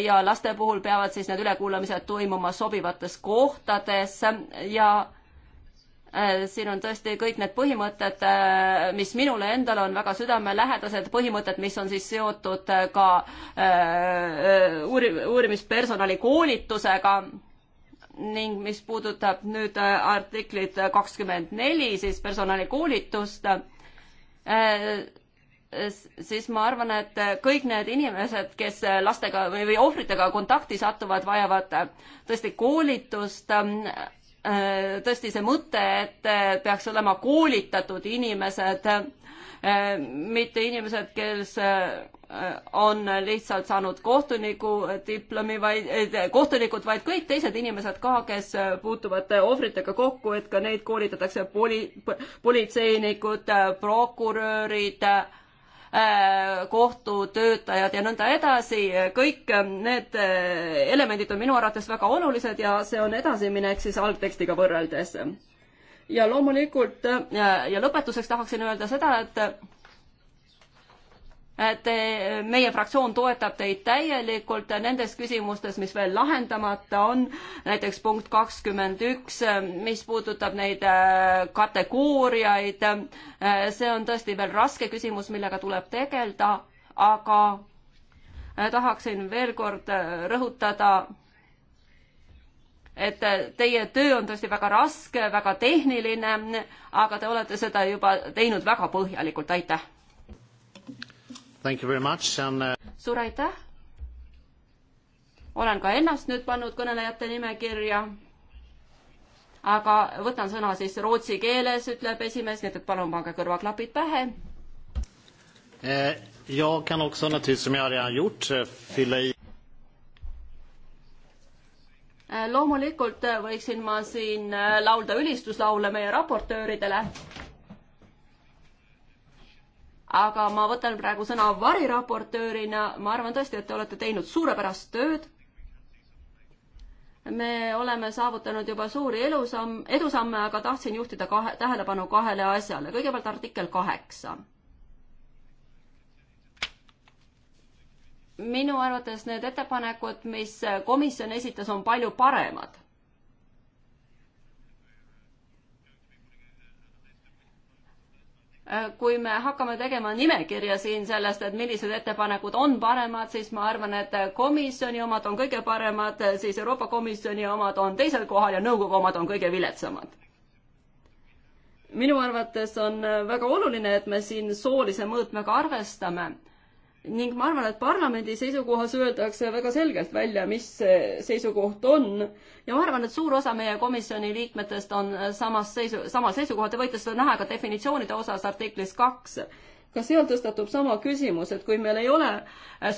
ja laste puhul peavad siis need ülekuulamised toimuma sobivates kohtades ja äh, siin on tõesti kõik need põhimõtted, äh, mis minule endale on väga südamelähedased, põhimõtted, mis on siis seotud äh, ka uuri-, uurimispersonali koolitusega ning mis puudutab nüüd artiklit kakskümmend neli, siis personalikoolitust siis ma arvan, et kõik need inimesed, kes lastega või, või ohvritega kontakti satuvad, vajavad äh, tõesti koolitust. Ähm, äh, tõesti see mõte, et äh, peaks olema koolitatud inimesed, mitte inimesed, kes on lihtsalt saanud kohtuniku diplomi, vaid kohtunikud, vaid kõik teised inimesed ka, kes puutuvad ohvritega kokku, et ka neid koolitatakse poli-, politseinikud, prokurörid äh,, Äh, kohtutöötajad ja nõnda edasi, kõik äh, need äh, elemendid on minu arvates väga olulised ja see on edasiminek siis algtekstiga võrreldes. ja loomulikult ja, ja lõpetuseks tahaksin öelda seda, et et meie fraktsioon toetab teid täielikult nendes küsimustes, mis veel lahendamata on, näiteks punkt kakskümmend üks, mis puudutab neid äh, kategooriaid. Äh, see on tõesti veel raske küsimus, millega tuleb tegeleda, aga äh, tahaksin veel kord rõhutada, et teie töö on tõesti väga raske, väga tehniline, aga te olete seda juba teinud väga põhjalikult, aitäh Uh, suur aitäh! olen ka ennast nüüd pannud kõnelejate nimekirja. aga võtan sõna siis rootsi keeles, ütleb esimees, nii et palun pange kõrvaklapid pähe eh,. Jag kan också naturligtvis, som jag redan gjort, eh, fylla i eh, loomulikult eh, võiksin ma siin laulda ülistuslaule meie raportööridele aga ma võtan praegu sõna variraportöörina, ma arvan tõesti, et te olete teinud suurepärast tööd. me oleme saavutanud juba suuri elusamm, edusamme, aga tahtsin juhtida kahe, tähelepanu kahele asjale. kõigepealt artikkel kaheksa. minu arvates need ettepanekud, mis komisjon esitas, on palju paremad Äh, kui me hakkame tegema nimekirja siin sellest, et millised ettepanekud on paremad, siis ma arvan, et äh, komisjoni omad on kõige paremad, äh, siis Euroopa Komisjoni omad on teisel kohal ja nõukogu omad on kõige viletsamad. minu arvates on väga oluline, et me siin soolise mõõtmega arvestame ning ma arvan, et parlamendi seisukohas öeldakse väga selgelt välja, mis see seisukoht on ja ma arvan, et suur osa meie komisjoni liikmetest on samas seisu, samal seisukohal, te võite seda näha ka definitsioonide osas artiklis kaks. ka seal tõstatub sama küsimus, et kui meil ei ole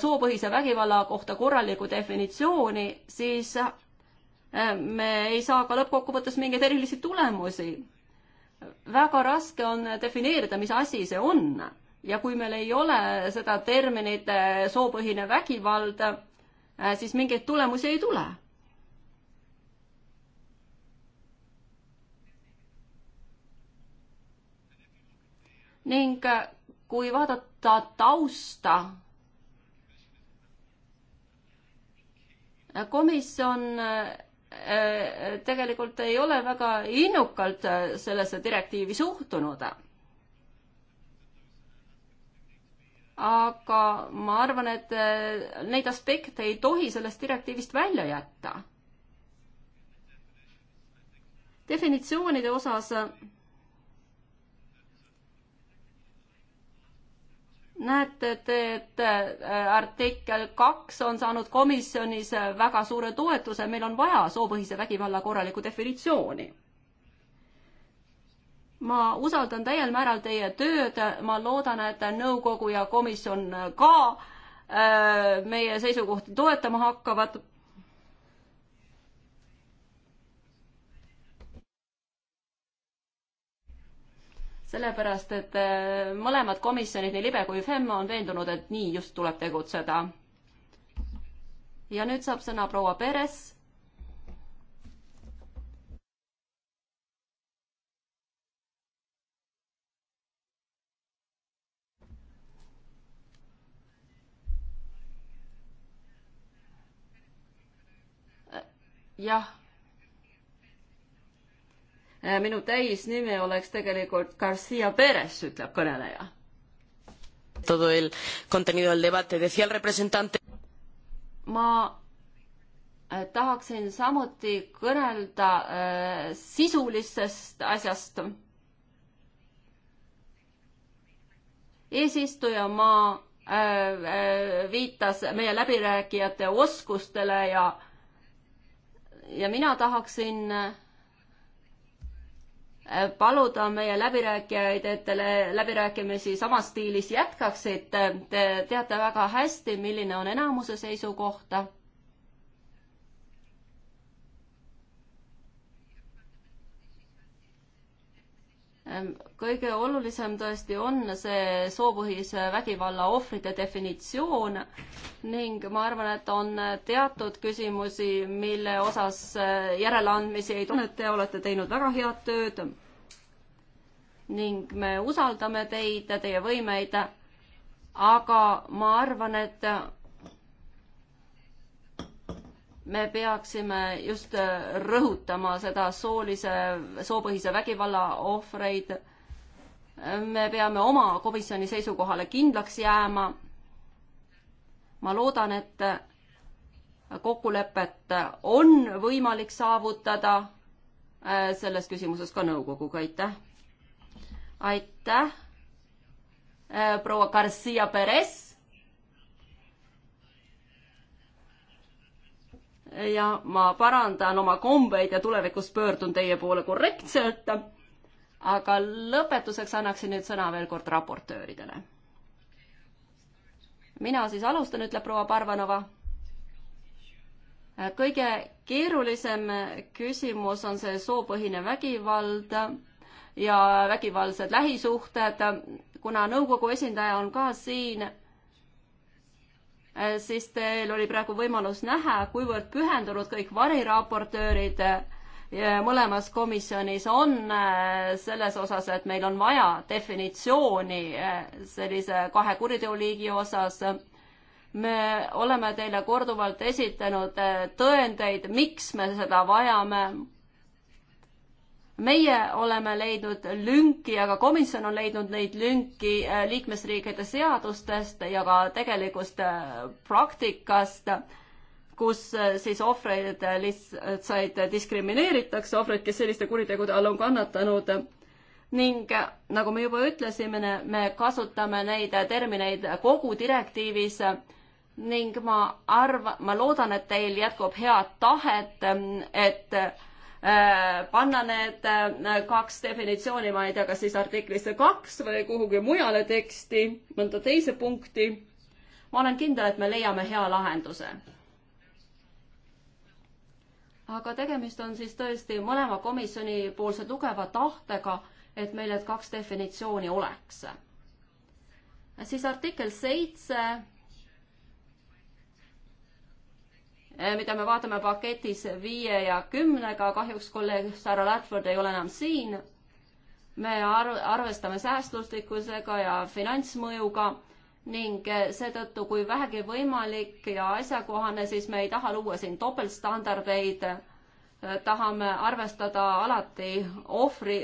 soopõhise vägivalla kohta korralikku definitsiooni, siis äh, me ei saa ka lõppkokkuvõttes mingeid erilisi tulemusi. väga raske on defineerida, mis asi see on ja kui meil ei ole seda terminit eh, soopõhine vägivald, eh, siis mingeid tulemusi ei tule. ning eh, kui vaadata tausta, komisjon tegelikult ei ole väga innukalt sellesse direktiivi suhtunud aga ma arvan, et äh, neid aspekte ei tohi sellest direktiivist välja jätta. definitsioonide osas äh, näete te, et äh, artikkel kaks on saanud komisjonis väga suure toetuse, meil on vaja soopõhise vägivalla korralikku definitsiooni ma usaldan täiel määral teie tööd, ma loodan, et nõukogu ja komisjon ka äh, meie seisukohti toetama hakkavad. sellepärast, et äh, mõlemad komisjonid, nii libe kui FEM on veendunud, et nii just tuleb tegutseda. ja nüüd saab sõna proua Peres jah. Äh, minu täisnimi oleks tegelikult Garcia Perez, ütleb kõneleja. Todo el contenido del debate, decía el representante. ma äh, tahaksin samuti kõnelda äh, sisulisest asjast eesistujamaa äh, viitas meie läbirääkijate oskustele ja ja mina tahaksin äh, paluda meie läbirääkijaid, et te läbirääkimisi samas stiilis jätkaksite. Te teate väga hästi, milline on enamuse seisukoht Ehm, kõige olulisem tõesti on see soopõhise vägivalla ohvrite definitsioon ning ma arvan, et on teatud küsimusi, mille osas eh, järeleandmisi ei tunne, et te olete teinud väga head tööd ning me usaldame teid, teie võimeid, aga ma arvan, et me peaksime just rõhutama seda soolise, soopõhise vägivalla ohvreid. me peame oma komisjoni seisukohale kindlaks jääma. ma loodan, et kokkulepet on võimalik saavutada äh, selles küsimuses ka nõukoguga, aitäh. aitäh, äh, proua Garcia Perez ja ma parandan oma kombeid ja tulevikus pöördun teie poole korrektselt. aga lõpetuseks annaksin nüüd sõna veel kord raportööridele. mina siis alustan, ütleb proua Parvanova. kõige keerulisem küsimus on see soopõhine vägivald ja vägivaldsed lähisuhted. kuna nõukogu esindaja on ka siin Äh, siis teil oli praegu võimalus näha, kuivõrd pühendunud kõik variraportöörid äh, mõlemas komisjonis on äh, selles osas, et meil on vaja definitsiooni sellise kahe kuriteoliigi osas. me oleme teile korduvalt esitanud tõendeid, miks me seda vajame meie oleme leidnud lünki, aga komisjon on leidnud neid lünki äh, liikmesriikide seadustest ja ka tegelikust äh, praktikast, kus äh, siis ohvreid lihtsalt diskrimineeritakse, ohvreid, kes selliste kuritegude all on kannatanud. ning nagu me juba ütlesime, me kasutame neid termineid kogu direktiivis ning ma arvan, ma loodan, et teil jätkub head tahet, et Äh, panna need äh, kaks definitsiooni, ma ei tea, kas siis artiklisse kaks või kuhugi mujale teksti, mõnda teise punkti. ma olen kindel, et me leiame hea lahenduse. aga tegemist on siis tõesti mõlema komisjoni poolse tugeva tahtega, et meil need kaks definitsiooni oleks. siis artikkel seitse Eh, mida me vaatame paketis viie ja kümnega, kahjuks kolleeg Sarah Ladford ei ole enam siin. me arv-, arvestame säästluslikkusega ja finantsmõjuga ning eh, seetõttu, kui vähegi võimalik ja asjakohane, siis me ei taha luua siin topeltstandardeid eh, tahame arvestada alati ohvri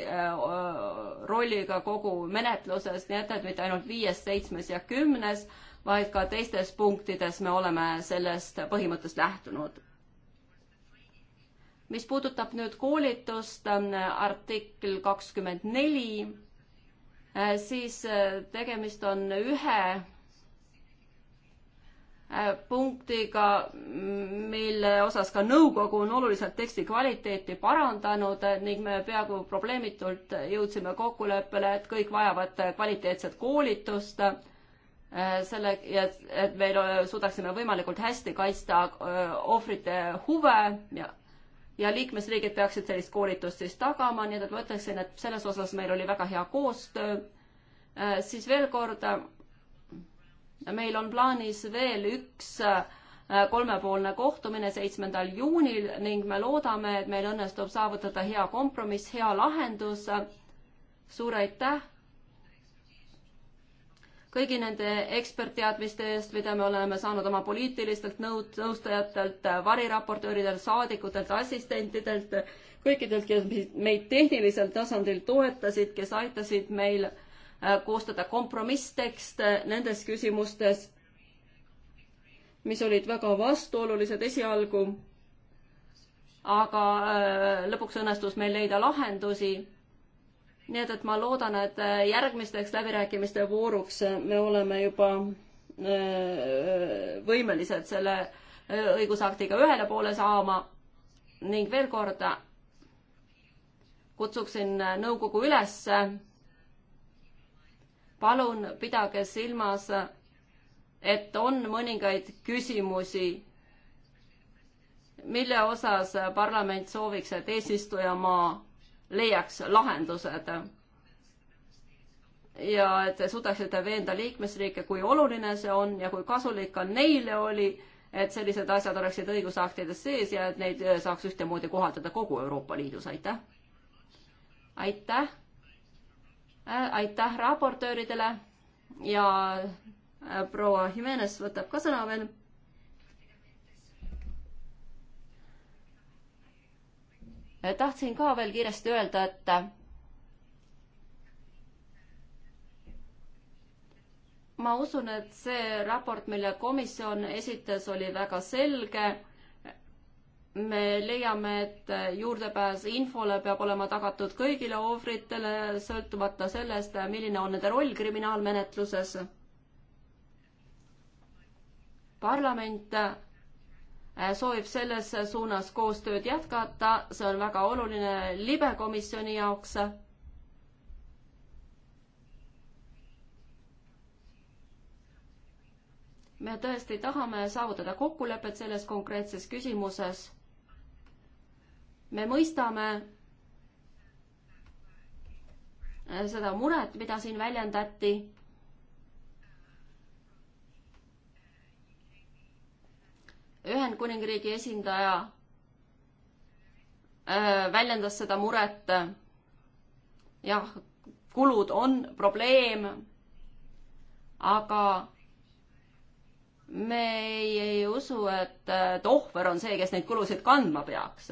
rolliga kogu menetluses, nii et, et mitte ainult viies, seitsmes ja kümnes, vaid ka teistes punktides me oleme sellest põhimõttest lähtunud. mis puudutab nüüd koolitust, ähm, artikkel kakskümmend neli, äh, siis äh, tegemist on ühe äh, punktiga, mille osas ka nõukogu on oluliselt teksti kvaliteeti parandanud ning me peaaegu probleemitult jõudsime kokkuleppele, et kõik vajavad kvaliteetset koolitust Äh, selle, et, et meil äh, suudaksime võimalikult hästi kaitsta äh, ohvrite huve ja, ja liikmesriigid peaksid sellist koolitust siis tagama, nii et ma ütleksin, et selles osas meil oli väga hea koostöö. siis veel kord, meil on plaanis veel üks kolmepoolne kohtumine seitsmendal juunil ning me loodame, et meil õnnestub saavutada hea kompromiss, hea lahendus. suur aitäh kõigi nende ekspertteadmiste eest, mida me oleme saanud oma poliitilistelt nõud, nõustajatelt, variraportööridelt, saadikutelt, assistentidelt, kõikidelt, kes meid tehnilisel tasandil toetasid, kes aitasid meil äh, koostada kompromisstekste äh, nendes küsimustes, mis olid väga vastuolulised esialgu, aga äh, lõpuks õnnestus meil leida lahendusi nii et, et ma loodan, et äh, järgmisteks läbirääkimiste vooruks me oleme juba äh, äh, võimelised selle õigusaktiga ühele poole saama ning veel kord kutsuksin nõukogu üles. palun pidage silmas, et on mõningaid küsimusi, mille osas parlament sooviks, et eesistujamaa leiaks lahendused. ja et te suudaksite veenda liikmesriike, kui oluline see on ja kui kasulik ka neile oli, et sellised asjad oleksid õigusaktides sees ja et neid äh, saaks ühtemoodi kohaldada kogu Euroopa Liidus, aitäh! aitäh! Äh, aitäh raportööridele ja äh, proua Jimenez võtab ka sõna veel tahtsin ka veel kiiresti öelda, et ma usun, et see raport, mille komisjon esitas, oli väga selge. me leiame, et juurdepääs infole peab olema tagatud kõigile ohvritele, sõltumata sellest, milline on nende roll kriminaalmenetluses. parlament Äh, soovib selles suunas koostööd jätkata, see on väga oluline libekomisjoni jaoks. me tõesti tahame saavutada kokkulepet selles konkreetses küsimuses. me mõistame äh, seda muret, mida siin väljendati Ühendkuningriigi esindaja äh, väljendas seda muret. jah, kulud on probleem, aga me ei, ei usu, et, äh, et ohver on see, kes neid kulusid kandma peaks.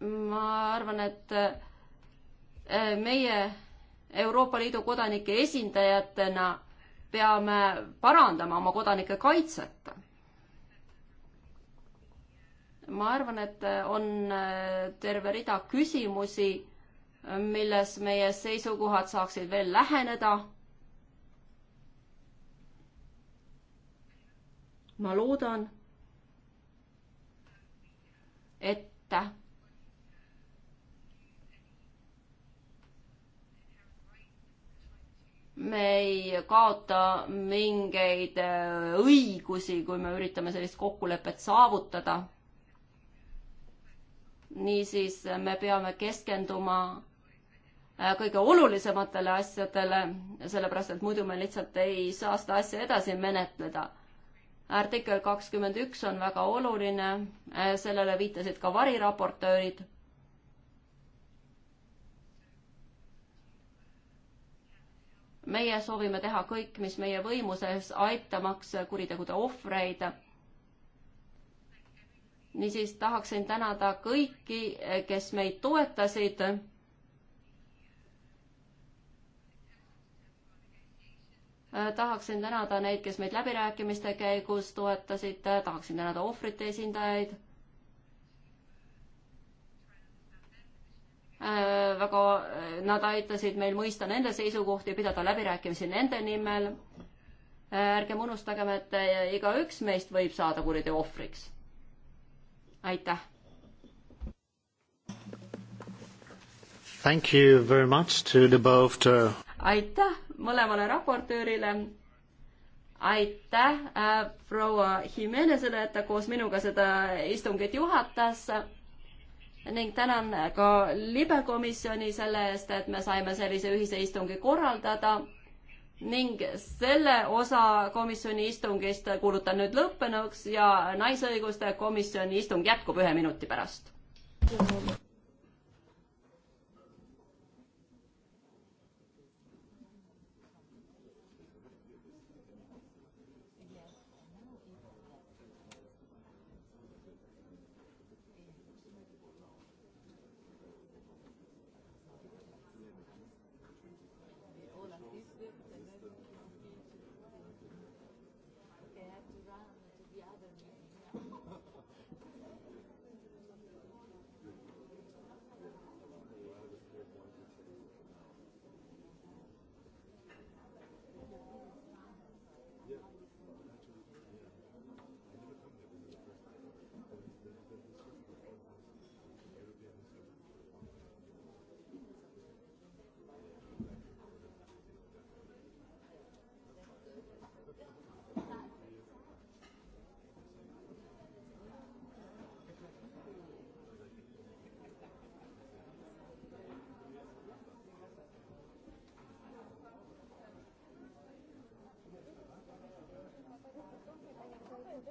ma arvan, et äh, meie Euroopa Liidu kodanike esindajatena peame parandama oma kodanike kaitset. ma arvan, et on äh, terve rida küsimusi, milles meie seisukohad saaksid veel läheneda ma loodan, et me ei kaota mingeid äh, õigusi, kui me üritame sellist kokkulepet saavutada. niisiis äh, me peame keskenduma äh, kõige olulisematele asjadele, sellepärast et muidu me lihtsalt ei saa seda asja edasi menetleda. artikkel kakskümmend üks on väga oluline, sellele viitasid ka variraportöörid meie soovime teha kõik, mis meie võimuses, aitamaks kuritegude ohvreid. niisiis tahaksin tänada kõiki, kes meid toetasid. tahaksin tänada neid, kes meid läbirääkimiste käigus toetasid, tahaksin tänada ohvrite esindajaid Äh, väga, äh, nad aitasid meil mõista nende seisukohti, pidada läbirääkimisi nende nimel. Äh, ärgem unustagem, et igaüks meist võib saada kuriteo ohvriks. aitäh. Thank you very much to the both uh... aitäh mõlemale raportöörile aitäh äh, proua Jimenezele, et ta koos minuga seda istungit juhatas ning tänan ka libekomisjoni selle eest, et me saime sellise ühise istungi korraldada ning selle osa komisjoni istungist kuulutan nüüd lõppenuks ja naisõiguste komisjoni istung jätkub ühe minuti pärast.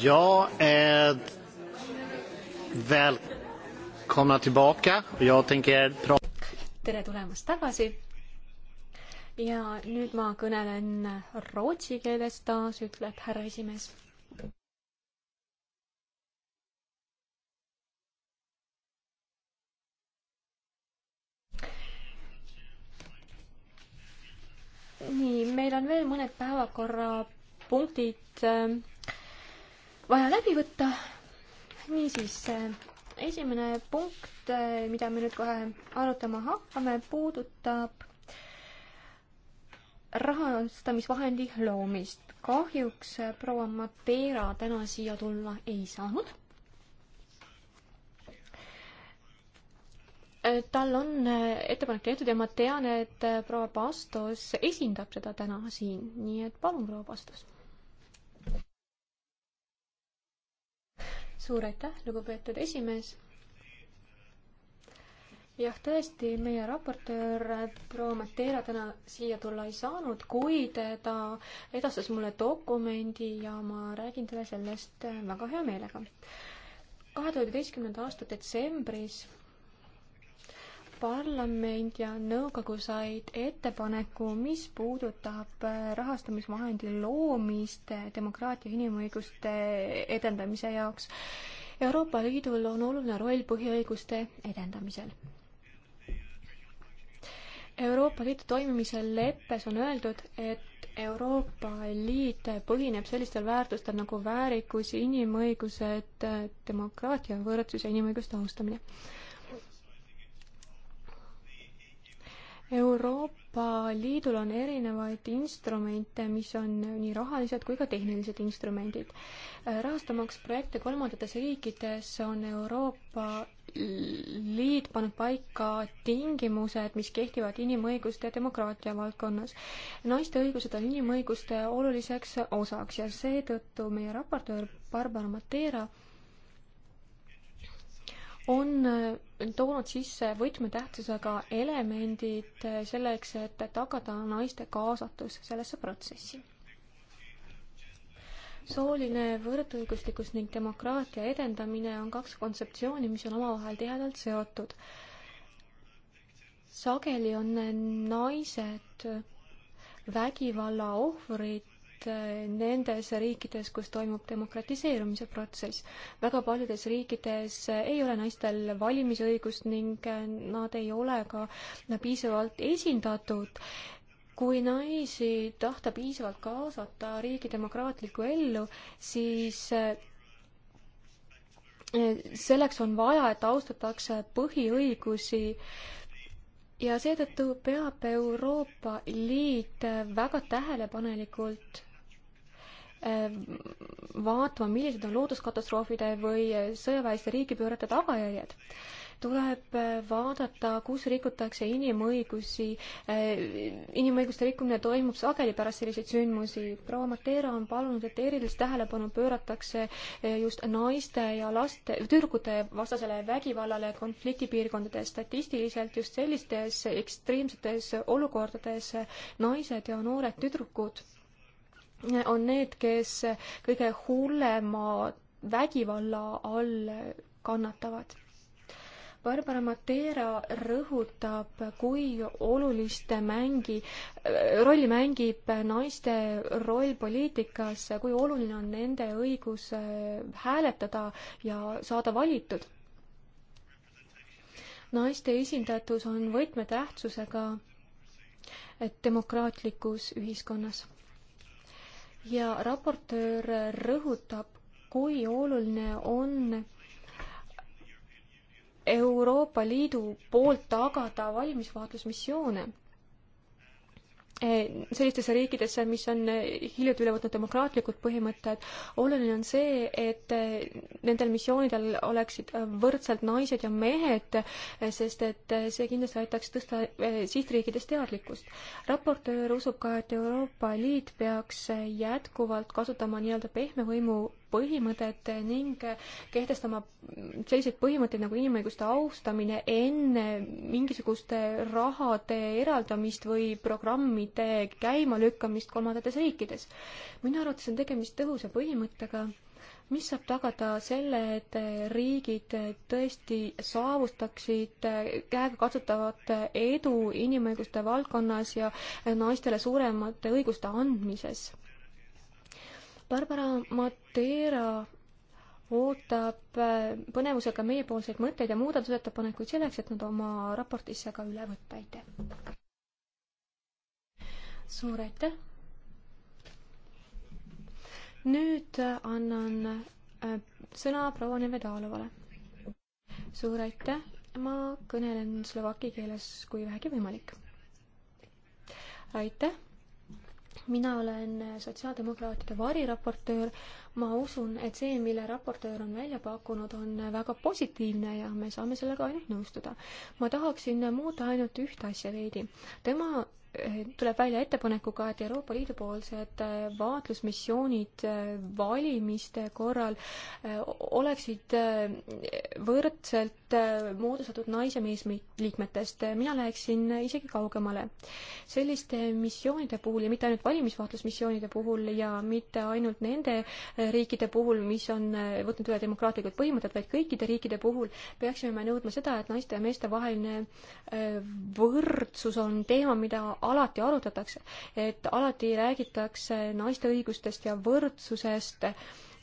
Jag är välkomna tillbaka. Jag tänker prata... Tere tulemast tagasi! Ja nüüd ma kõnelen rootsi keeles taas, ütleb härra esimees. nii, meil on veel mõned päevakorrapunktid vaja läbi võtta. niisiis, esimene punkt, eh, mida me nüüd kohe arutama hakkame, puudutab rahastamisvahendi loomist. kahjuks eh, proua Matera täna siia tulla ei saanud eh, tal on ettepanek tehtud ja ma tean, et proua Pastos esindab seda täna siin, nii et palun, proua Pastos suur aitäh, lugupeetud esimees. jah, tõesti, meie raportöör proua Mateera täna siia tulla ei saanud, kuid ta edastas mulle dokumendi ja ma räägin teile sellest väga hea meelega. kahe tuhande üheteistkümnenda aasta detsembris parlament ja nõukogu said ettepaneku, mis puudutab äh, rahastamisvahendi loomist demokraatia ja inimõiguste edendamise jaoks. Euroopa Liidul on oluline roll põhiõiguste edendamisel. Euroopa Liidu toimimise leppes on öeldud, et Euroopa Liit põhineb sellistel väärtustel nagu väärikus, inimõigused, demokraatia, võrdsus ja inimõiguste austamine Euroopa Liidul on erinevaid instrumente, mis on nii rahalised kui ka tehnilised instrumendid. rahastamaks projekte kolmandates riikides on Euroopa Liit pannud paika tingimused, mis kehtivad inimõiguste ja demokraatia valdkonnas. naiste õigused on inimõiguste oluliseks osaks ja seetõttu meie raportöör Barbara Matera on äh, toonud sisse võtmetähtsusega elemendid äh, selleks, et tagada naiste kaasatus sellesse protsessi. sooline võrdõiguslikkus ning demokraatia edendamine on kaks kontseptsiooni, mis on omavahel tihedalt seotud. sageli on naised vägivalla ohvrid Äh, nendes riikides, kus toimub demokratiseerumise protsess. väga paljudes riikides äh, ei ole naistel valimisõigust ning äh, nad ei ole ka piisavalt esindatud kui naisi tahta piisavalt kaasata riigi demokraatlikku ellu, siis selleks on vaja, et austatakse põhiõigusi ja seetõttu peab Euroopa Liit väga tähelepanelikult äh, vaatama, millised on looduskatastroofide või sõjaväeliste riigipöörete tagajärjed tuleb äh, vaadata, kus rikutakse inimõigusi. Äh, inimõiguste rikkumine toimub sageli pärast selliseid sündmusi. proua Matera on palunud, et erilist tähelepanu pööratakse äh, just naiste ja laste, tüdrukute vastasele vägivallale konfliktipiirkondades. statistiliselt just sellistes ekstreemsetes olukordades naised ja noored tüdrukud on need, kes kõige hullema vägivalla all kannatavad Barbara Matera rõhutab, kui olulist mängi, rolli mängib naiste roll poliitikas, kui oluline on nende õigus äh, hääletada ja saada valitud. naiste esindatus on võtmetähtsusega äh, demokraatlikus ühiskonnas. ja raportöör rõhutab, kui oluline on Euroopa Liidu poolt tagada valimisvaatlusmissioone e, sellistesse riikidesse, mis on hiljuti üle võtnud demokraatlikud põhimõtted. oluline on see, et nendel missioonidel oleksid võrdselt naised ja mehed, sest et see kindlasti aitaks tõsta e, sihtriikides teadlikkust. raportöör usub ka, et Euroopa Liit peaks jätkuvalt kasutama nii-öelda pehme võimu põhimõtet ning kehtestama selliseid põhimõtteid nagu inimõiguste austamine enne mingisuguste rahade eraldamist või programmide käimalükkamist kolmandates riikides. minu arvates on tegemist tõhusa põhimõttega mis saab tagada selle, et riigid tõesti saavutaksid käegakatsutavat edu inimõiguste valdkonnas ja naistele suuremate õiguste andmises? Barbara Matera ootab äh, põnevusega meiepoolseid mõtteid ja muudatusettepanekuid selleks, et nad oma raportisse ka üle võtta, aitäh! suur aitäh! nüüd annan äh, sõna proua Nevedalovale. suur aitäh, ma kõnelen slovaki keeles, kui vähegi võimalik. aitäh! mina olen sotsiaaldemokraatide variraportöör. ma usun, et see, mille raportöör on välja pakkunud, on väga positiivne ja me saame sellega ainult nõustuda. ma tahaksin muuta ainult ühte asja veidi. tema tuleb välja ettepanekuga, et Euroopa Liidu poolsed äh, vaatlusmissioonid äh, valimiste korral äh, oleksid võrdselt moodustatud naise meesliikmetest. mina läheksin isegi kaugemale. selliste missioonide puhul ja mitte ainult valimisvaatlusmissioonide puhul ja mitte ainult nende riikide puhul, mis on võtnud üle demokraatlikud põhimõtted, vaid kõikide riikide puhul peaksime me nõudma seda, et naiste ja meeste vaheline võrdsus on teema, mida alati arutatakse, et alati räägitakse naiste õigustest ja võrdsusest.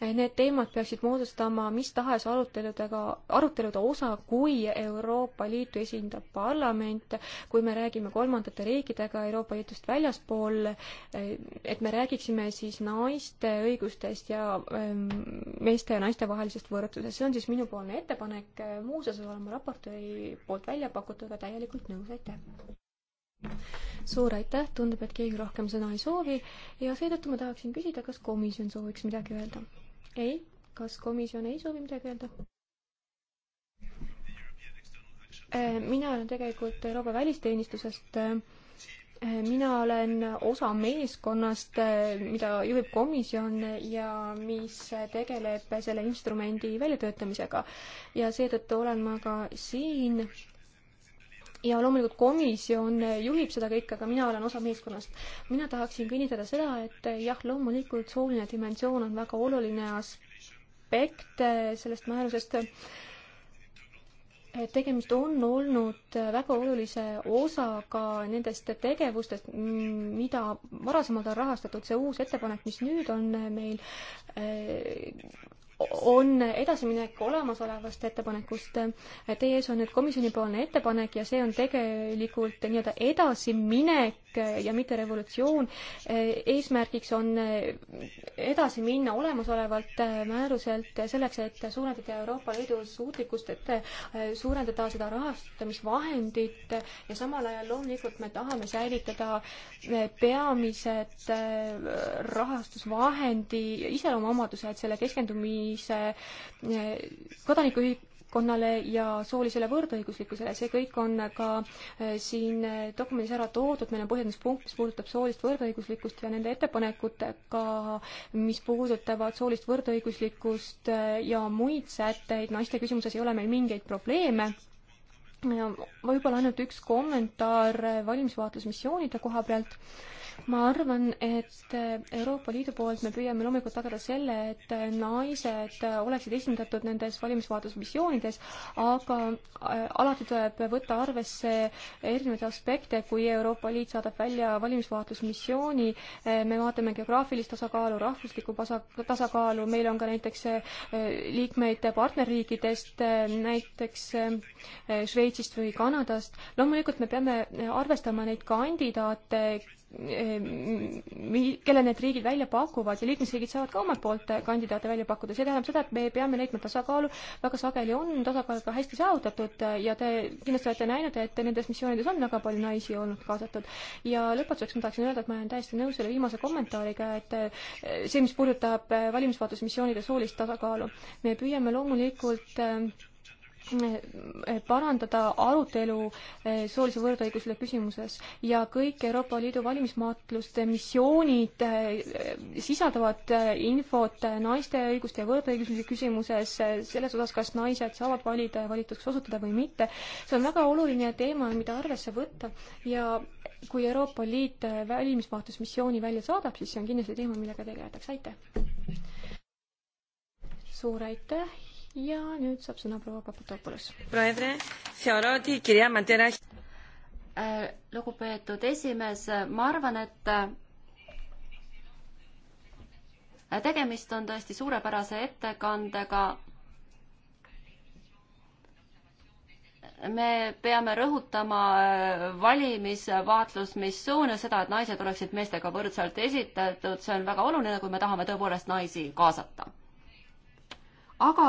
Need teemad peaksid moodustama mis tahes aruteludega, arutelude osa, kui Euroopa Liitu esindab parlament, kui me räägime kolmandate riikidega Euroopa Liidust väljaspool, et me räägiksime siis naiste õigustest ja ehm, meeste ja naiste vahelisest võrdsusest. see on siis minupoolne ettepanek, muuseas olen ma raportööri poolt välja pakutud, aga täielikult nõus, aitäh! suur aitäh, tundub, et keegi rohkem sõna ei soovi ja seetõttu ma tahaksin küsida, kas komisjon sooviks midagi öelda? ei, kas komisjon ei soovi midagi öelda? Äh, mina olen tegelikult Euroopa välisteenistusest. Äh, mina olen osa meeskonnast, äh, mida juhib komisjon ja mis tegeleb selle instrumendi väljatöötamisega. ja seetõttu olen ma ka siin ja loomulikult komisjon juhib seda kõike, aga mina olen osa meeskonnast. mina tahaksin kinnitada seda, et jah, loomulikult sooline dimensioon on väga oluline aspekt sellest määrusest. tegemist on olnud väga olulise osaga nendest tegevustest, mida varasemalt on rahastatud, see uus ettepanek, mis nüüd on meil on edasiminek olemasolevast ettepanekust. Teie ees on nüüd komisjonipoolne ettepanek ja see on tegelikult nii-öelda edasiminek eesmärk ja mitte revolutsioon. eesmärgiks on edasi minna olemasolevalt määruselt selleks, et suurendada Euroopa Liidu suutlikkust, et suurendada seda rahastamisvahendit ja samal ajal loomulikult me tahame säilitada peamised rahastusvahendi iseloomuomadused, selle keskendumise kodanikuühi-, elanikkonnale ja soolisele võrdõiguslikkusele, see kõik on ka äh, siin äh, dokumendis ära toodud, meil on põhjenduspunkt, mis puudutab soolist võrdõiguslikkust ja nende ettepanekutega, mis puudutavad soolist võrdõiguslikkust äh, ja muid sätteid, naiste küsimuses ei ole meil mingeid probleeme võib-olla ainult üks kommentaar valimisvaatlusmissioonide koha pealt ma arvan, et Euroopa Liidu poolt me püüame loomulikult tagada selle, et naised oleksid esindatud nendes valimisvaatlusmissioonides, aga äh, alati tuleb võtta arvesse erinevaid aspekte, kui Euroopa Liit saadab välja valimisvaatlusmissiooni, äh, me vaatame geograafilist tasakaalu, rahvuslikku tasakaalu, meil on ka näiteks äh, liikmeid partnerriikidest, näiteks Šveitsist või Kanadast, loomulikult me peame arvestama neid kandidaate, Ehm, kelle need riigid välja pakuvad ja liikmesriigid saavad ka omalt poolt eh, kandidaate välja pakkuda, see tähendab seda, et me peame leidma tasakaalu, väga sageli on tasakaal ka hästi saavutatud eh, ja te kindlasti olete näinud, et nendes missioonides on väga palju naisi olnud kaasatud. ja lõpetuseks ma tahaksin öelda, et ma olen täiesti nõus selle viimase kommentaariga, et eh, see, mis puudutab valimisvaatlusmissioonide soolist tasakaalu, me püüame loomulikult parandada arutelu eh, soolise võrdõiguslikkuse küsimuses ja kõik Euroopa Liidu valimismaatluste missioonid eh, sisaldavad eh, infot naiste õiguste ja võrdõiguslikkuse küsimuses, selles osas, kas naised saavad valida ja valituks osutuda või mitte. see on väga oluline teema, mida arvesse võtta ja kui Euroopa Liit valimismaatlusmissiooni välja saadab, siis see on kindlasti teema, millega tegeletakse, aitäh! suur aitäh ja nüüd saab sõna proua Papatopoulos. Äh, lugupeetud esimees, ma arvan, et äh, tegemist on tõesti suurepärase ettekandega me peame rõhutama äh, valimisvaatlusmissioone, seda, et naised oleksid meestega võrdselt esitatud, see on väga oluline, kui me tahame tõepoolest naisi kaasata. aga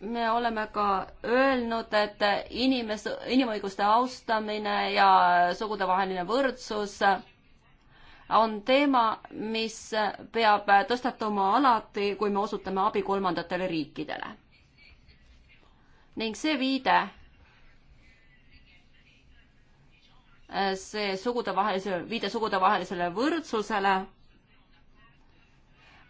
me oleme ka öelnud, et inimes-, inimõiguste austamine ja sugudevaheline võrdsus on teema, mis peab tõstatuma alati, kui me osutame abi kolmandatele riikidele. ning see viide, see sugudevahelise, viide sugudevahelisele võrdsusele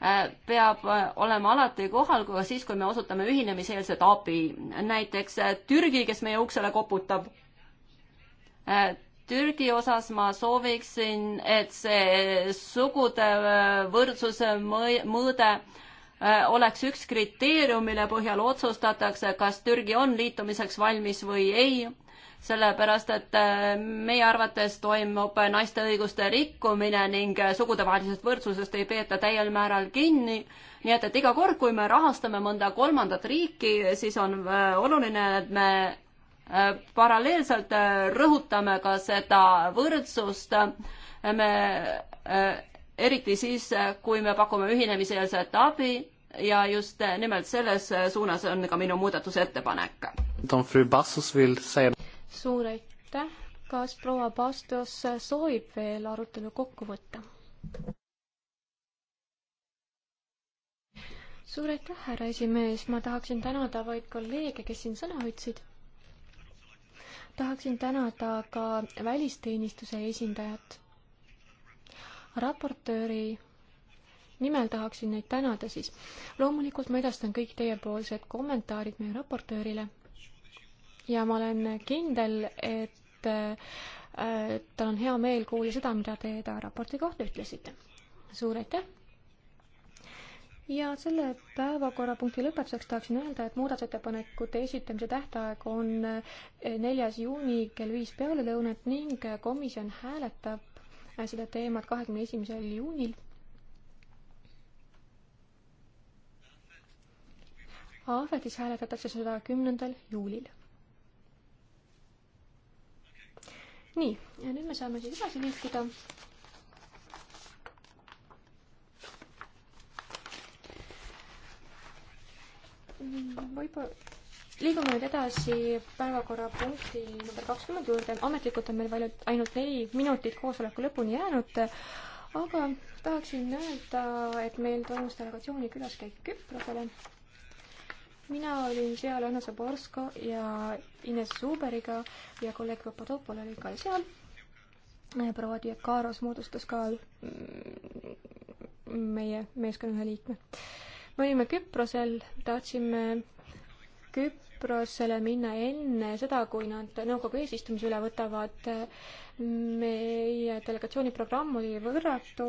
Äh, peab äh, olema alati kohal, kui siis, kui me osutame ühinemiseelset abi. näiteks äh, Türgi, kes meie uksele koputab. Türgi osas ma sooviksin, et see sugude võrdsuse mõõde oleks üks kriteerium, mille põhjal otsustatakse, kas Türgi on liitumiseks valmis või ei sellepärast et äh, meie arvates toimub naiste õiguste rikkumine ning sugudevahelisest võrdsusest ei peeta täiel määral kinni. nii et, et iga kord, kui me rahastame mõnda kolmandat riiki, siis on äh, oluline, et me äh, paralleelselt rõhutame ka seda võrdsust. me eriti siis, kui me pakume ühinemiseelset abi ja just nimelt selles suunas on ka minu muudatusettepanek suur aitäh, kas proua Pastos soovib veel arutelu kokku võtta? suur aitäh, härra esimees, ma tahaksin tänada vaid kolleege, kes siin sõna võtsid. tahaksin tänada ka välisteenistuse esindajat, raportööri nimel tahaksin neid tänada siis. loomulikult ma edastan kõik teiepoolsed kommentaarid meie raportöörile ja ma olen kindel, et äh, tal on hea meel kuulda seda, mida te ta raporti kohta ütlesite. suur aitäh! ja selle päevakorrapunkti lõpetuseks tahaksin öelda, et muudatusettepanekute esitamise tähtaeg on äh, neljas juuni kell viis pealelõunat ning komisjon hääletab äh, seda teemat kahekümne esimesel juunil Ahvetis hääletatakse seda kümnendal juulil. nii, ja nüüd me saame siis edasi liikuda. võib-olla liigume nüüd edasi päevakorrapunkti number kakskümmend juurde. ametlikult on meil palju, ainult neli minutit koosoleku lõpuni jäänud, aga tahaksin öelda, et meil toimus delegatsiooni külaskäik Küprosele mina olin seal Anna Zaborsko ja Ines Zuberiga ja kolleeg Papadopol oli ka seal. proua Diakaros moodustas ka mm, meie meeskonna ühe liikme. me olime Küprosel, tahtsime Küprosele minna enne seda, kui nad nõukogu eesistumise üle võtavad. meie delegatsiooni programm oli võrratu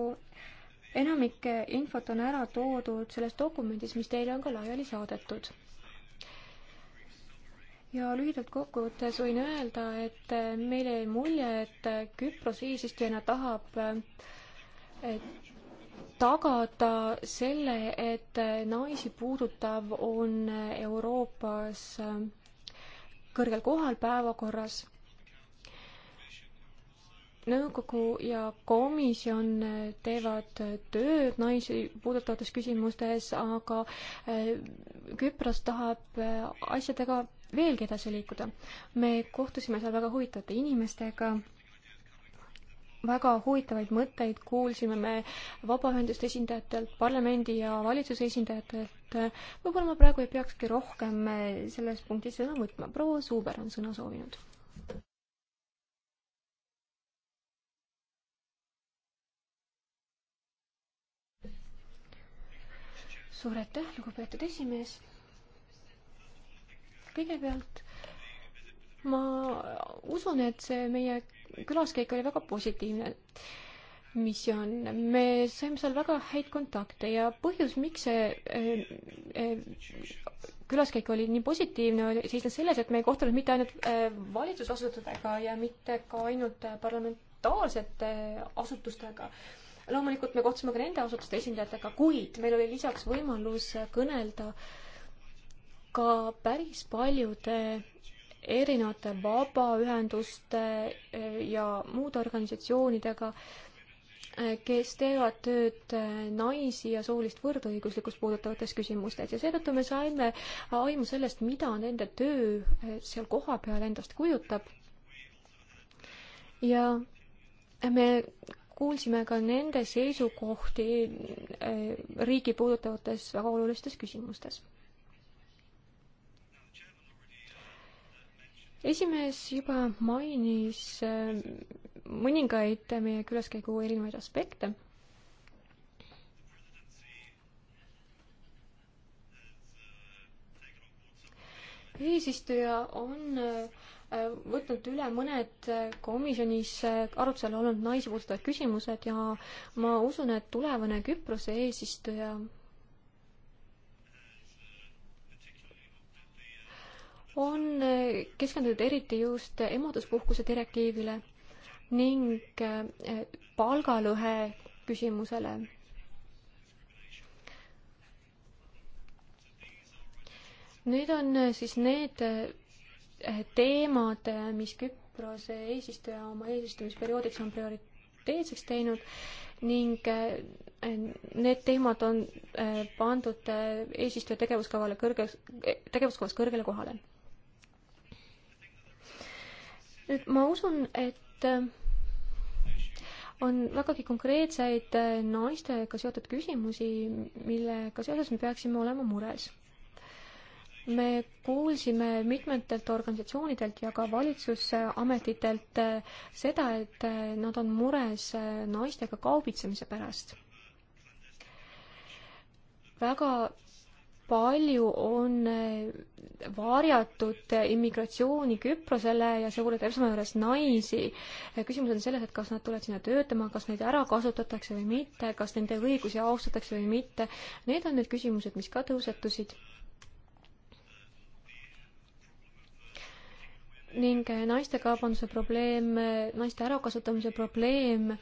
enamik infot on ära toodud selles dokumendis, mis teile on ka laiali saadetud ja lühidalt kokkuvõttes võin öelda, et meile jäi mulje, et Küpros eesistujana tahab tagada selle, et naisi puudutav on Euroopas kõrgel kohal päevakorras. nõukogu ja komisjon teevad tööd naisi puudutavates küsimustes, aga Küpros tahab asjadega veelgi edasi liikuda. me kohtusime seal väga huvitavate inimestega, väga huvitavaid mõtteid kuulsime me vabaühenduste esindajatelt, parlamendi ja valitsuse esindajatelt. võib-olla ma praegu ei peakski rohkem eh, selles punktis sõna võtma, proua Suuber on sõna soovinud. suur aitäh, lugupeetud esimees kõigepealt ma usun, et see meie külaskäik oli väga positiivne missioon. me saime seal väga häid kontakte ja põhjus, miks see äh, äh, külaskäik oli nii positiivne, oli seisnes selles, et me ei kohtunud mitte ainult äh, valitsusasutustega ja mitte ka ainult äh, parlamentaarsete äh, asutustega. loomulikult me kohtusime ka nende asutuste esindajatega, kuid meil oli lisaks võimalus äh, kõnelda äh, ka päris paljude erinevate vabaühenduste eh, ja muude organisatsioonidega, eh, kes teevad tööd eh, naisi ja soolist võrdõiguslikkust puudutavates küsimustes ja seetõttu me saime aimu sellest, mida nende töö seal kohapeal endast kujutab. ja me kuulsime ka nende seisukohti riigi puudutavates väga olulistes küsimustes esimees juba mainis äh, mõningaid meie külaskäigu erinevaid aspekte eesistuja on äh, võtnud üle mõned komisjonis äh, arutusel olnud naisi puudutavad küsimused ja ma usun, et tulevane Küprose eesistuja on keskendunud eriti just emaduspuhkuse direktiivile ning äh, palgalõhe küsimusele. Need on äh, siis need äh, teemad, mis Küprose eesistuja oma eesistumisperioodiks on prioriteetseks teinud ning need teemad on pandud eesistuja tegevuskavale kõrge, tegevuskavas kõrgele kohale nüüd ma usun, et äh, on vägagi konkreetseid äh, naistega seotud küsimusi, millega seoses me peaksime olema mures. me kuulsime mitmetelt organisatsioonidelt ja ka valitsusametitelt äh, seda, et nad on mures naistega kaubitsemise pärast. väga palju on eh, varjatud immigratsiooni Küprosele ja suure täpsema juures naisi. Eh, küsimus on selles, et kas nad tulevad sinna töötama, kas neid ära kasutatakse või mitte, kas nende õigusi austatakse või mitte. Need on need küsimused, mis ka tõusetusid. ning eh, naistekaubanduse probleem, naiste ärakasutamise probleem äh,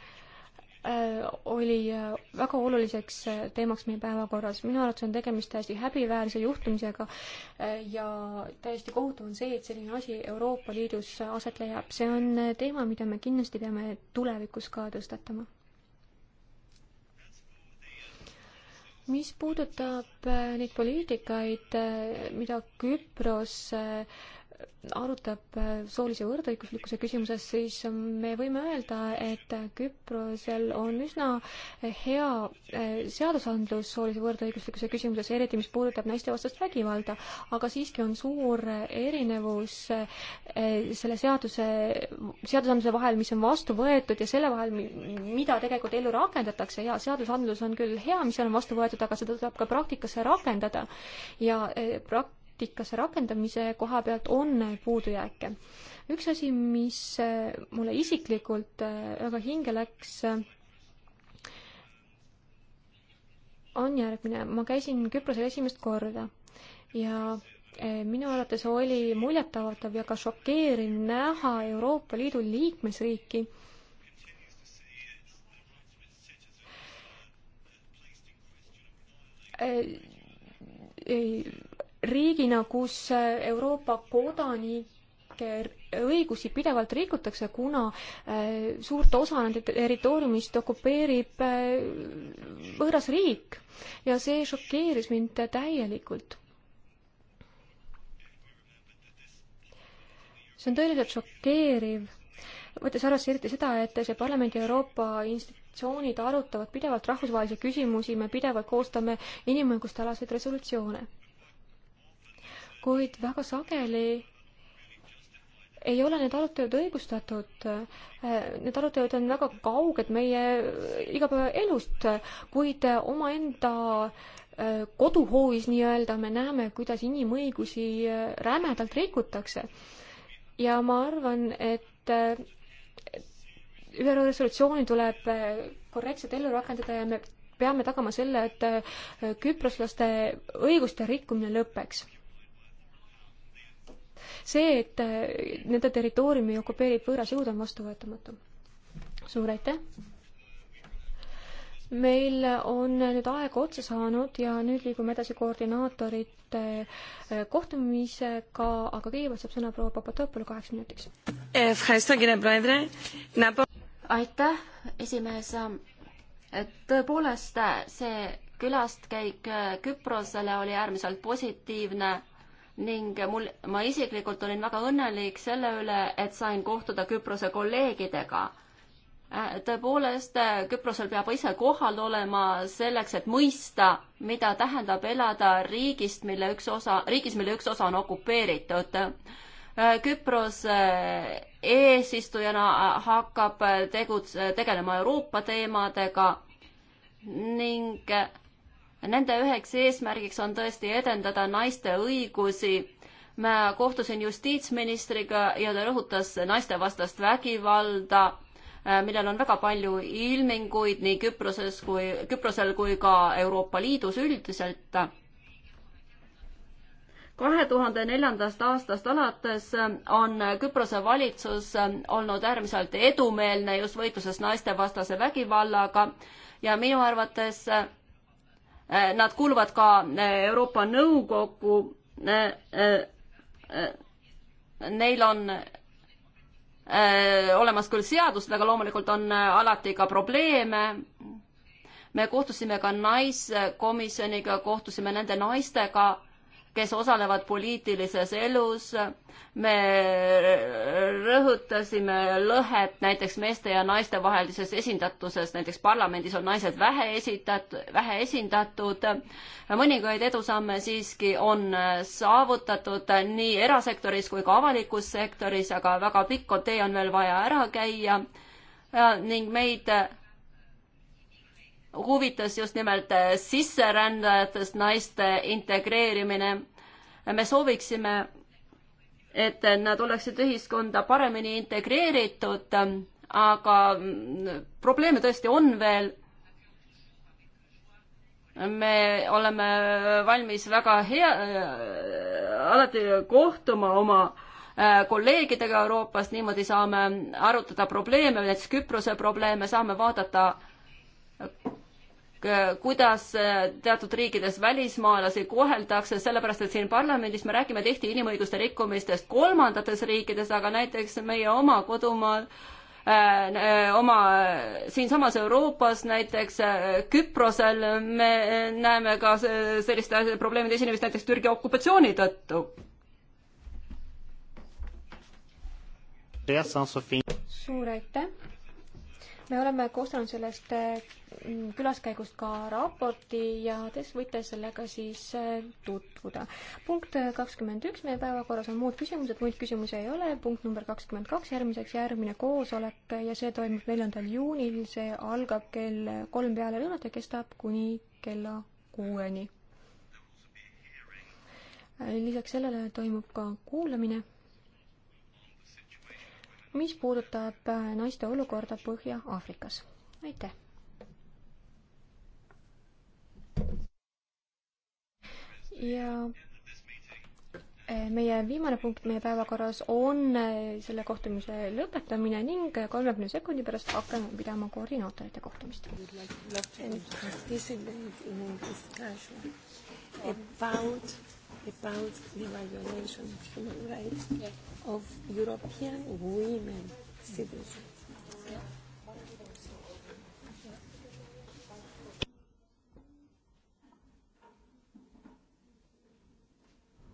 Äh, oli äh, väga oluliseks äh, teemaks meie päevakorras. minu arvates on tegemist täiesti häbiväärse juhtumisega ja täiesti kohutav on see, et selline asi Euroopa Liidus aset leiab. see on teema, mida me kindlasti peame tulevikus ka tõstatama. mis puudutab neid poliitikaid, mida Küpros äh, arutab äh, soolise võrdõiguslikkuse küsimuses, siis me võime öelda, et Küprosel on üsna hea äh, seadusandlus soolise võrdõiguslikkuse küsimuses, eriti mis puudutab naistevastast vägivalda, aga siiski on suur erinevus äh, selle seaduse, seadusandluse vahel, mis on vastu võetud ja selle vahel, mida tegelikult ellu rakendatakse ja seadusandlus on küll hea, mis seal on vastu võetud, aga seda tuleb ka praktikasse rakendada. ja prak-, praktikasse rakendamise koha pealt on puudujääke. üks asi, mis äh, mulle isiklikult äh, väga hinge läks, äh, on järgmine. ma käisin Küprosel esimest korda ja minu arvates oli muljetavaldav ja ka šokeeriv näha Euroopa Liidu liikmesriiki, riigina, kus Euroopa kodanike õigusi pidevalt rikutakse, kuna äh, suurt osa nende territooriumist okupeerib äh, võõras riik ja see šokeeris mind täielikult. see on tõeliselt šokeeriv, võttes arvesse eriti seda, et see parlamendi Euroopa institutsioonid arutavad pidevalt rahvusvahelisi küsimusi, me pidevalt koostame inimõiguste alaseid resolutsioone kuid väga sageli ei ole need arutelud õigustatud. Need arutelud on väga kauged meie igapäevaelust, kuid omaenda äh, koduhoovis nii-öelda me näeme, kuidas inimõigusi äh, rämedalt rikutakse. ja ma arvan, et äh, ÜRO resolutsiooni tuleb korrektselt ellu rakendada ja me peame tagama selle, et küproslaste õiguste rikkumine lõpeks see, et äh, nende territooriumi okupeerib võõras jõud, on vastuvõetamatu. suur aitäh! meil on nüüd aeg otsa saanud ja nüüd liigume edasi koordinaatorite äh, kohtumisega, aga kõigepealt saab sõna proua Papatopolu kaheks minutiks. aitäh, esimees. tõepoolest, see külastkäik Küprosele oli äärmiselt positiivne ning mul, ma isiklikult olin väga õnnelik selle üle, et sain kohtuda Küprose kolleegidega. Äh, tõepoolest, äh, Küprosel peab ise kohal olema selleks, et mõista, mida tähendab elada riigist, mille üks osa, riigis, mille üks osa on okupeeritud äh, Küpros eesistujana hakkab tegutse, tegelema Euroopa teemadega ning Nende üheks eesmärgiks on tõesti edendada naiste õigusi. ma kohtusin justiitsministriga ja ta rõhutas naistevastast vägivalda, äh, millel on väga palju ilminguid nii Küproses kui, Küprosel kui ka Euroopa Liidus üldiselt. kahe tuhande neljandast aastast alates äh, on Küprose valitsus äh, olnud äärmiselt edumeelne just võitluses naistevastase vägivallaga ja minu arvates Eh, nad kuuluvad ka eh, Euroopa Nõukokku. Eh, neil on olemas küll seadused, aga loomulikult on alati ka probleeme. me kohtusime ka naiskomisjoniga, kohtusime nende naistega kes osalevad poliitilises elus. me rõhutasime lõhet näiteks meeste ja naiste vahelises esindatuses, näiteks parlamendis on naised vähe esitatud, vähe esindatud. mõningaid edusamme siiski on saavutatud nii erasektoris kui ka avalikus sektoris, aga väga pikk tee on veel vaja ära käia ja, ning meid huvitas just nimelt äh, sisserändajatest naiste integreerimine. me sooviksime, et nad oleksid ühiskonda paremini integreeritud, aga mm, probleeme tõesti on veel. me oleme valmis väga hea äh,, alati kohtuma oma äh, kolleegidega Euroopast, niimoodi saame arutada probleeme, näiteks Küprose probleeme, saame vaadata äh, Äh, kuidas äh, teatud riikides välismaalasi koheldakse, sellepärast et siin parlamendis me räägime tihti inimõiguste rikkumistest kolmandates riikides, aga näiteks meie oma kodumaal äh, oma siinsamas Euroopas, näiteks Küprosel me näeme ka selliste probleemide esinemist näiteks Türgi okupatsiooni tõttu. suur aitäh! me oleme koostanud sellest äh, külaskäigust ka raporti ja te võite sellega siis äh, tutvuda. punkt kakskümmend üks meie päevakorras on muud küsimused, muid küsimusi ei ole. punkt number kakskümmend kaks, järgmiseks järgmine koosolek ja see toimub neljandal juunil, see algab kell kolm peale lõunat ja kestab kuni kella kuueni lisaks sellele toimub ka kuulamine mis puudutab äh, naiste olukorda Põhja-Aafrikas. aitäh! ja äh, meie viimane punkt meie päevakorras on äh, selle kohtumise lõpetamine ning kolmekümne sekundi pärast hakkame pidama koordinaatorite kohtumist. About, about the violation of human rights yeah of European women citizens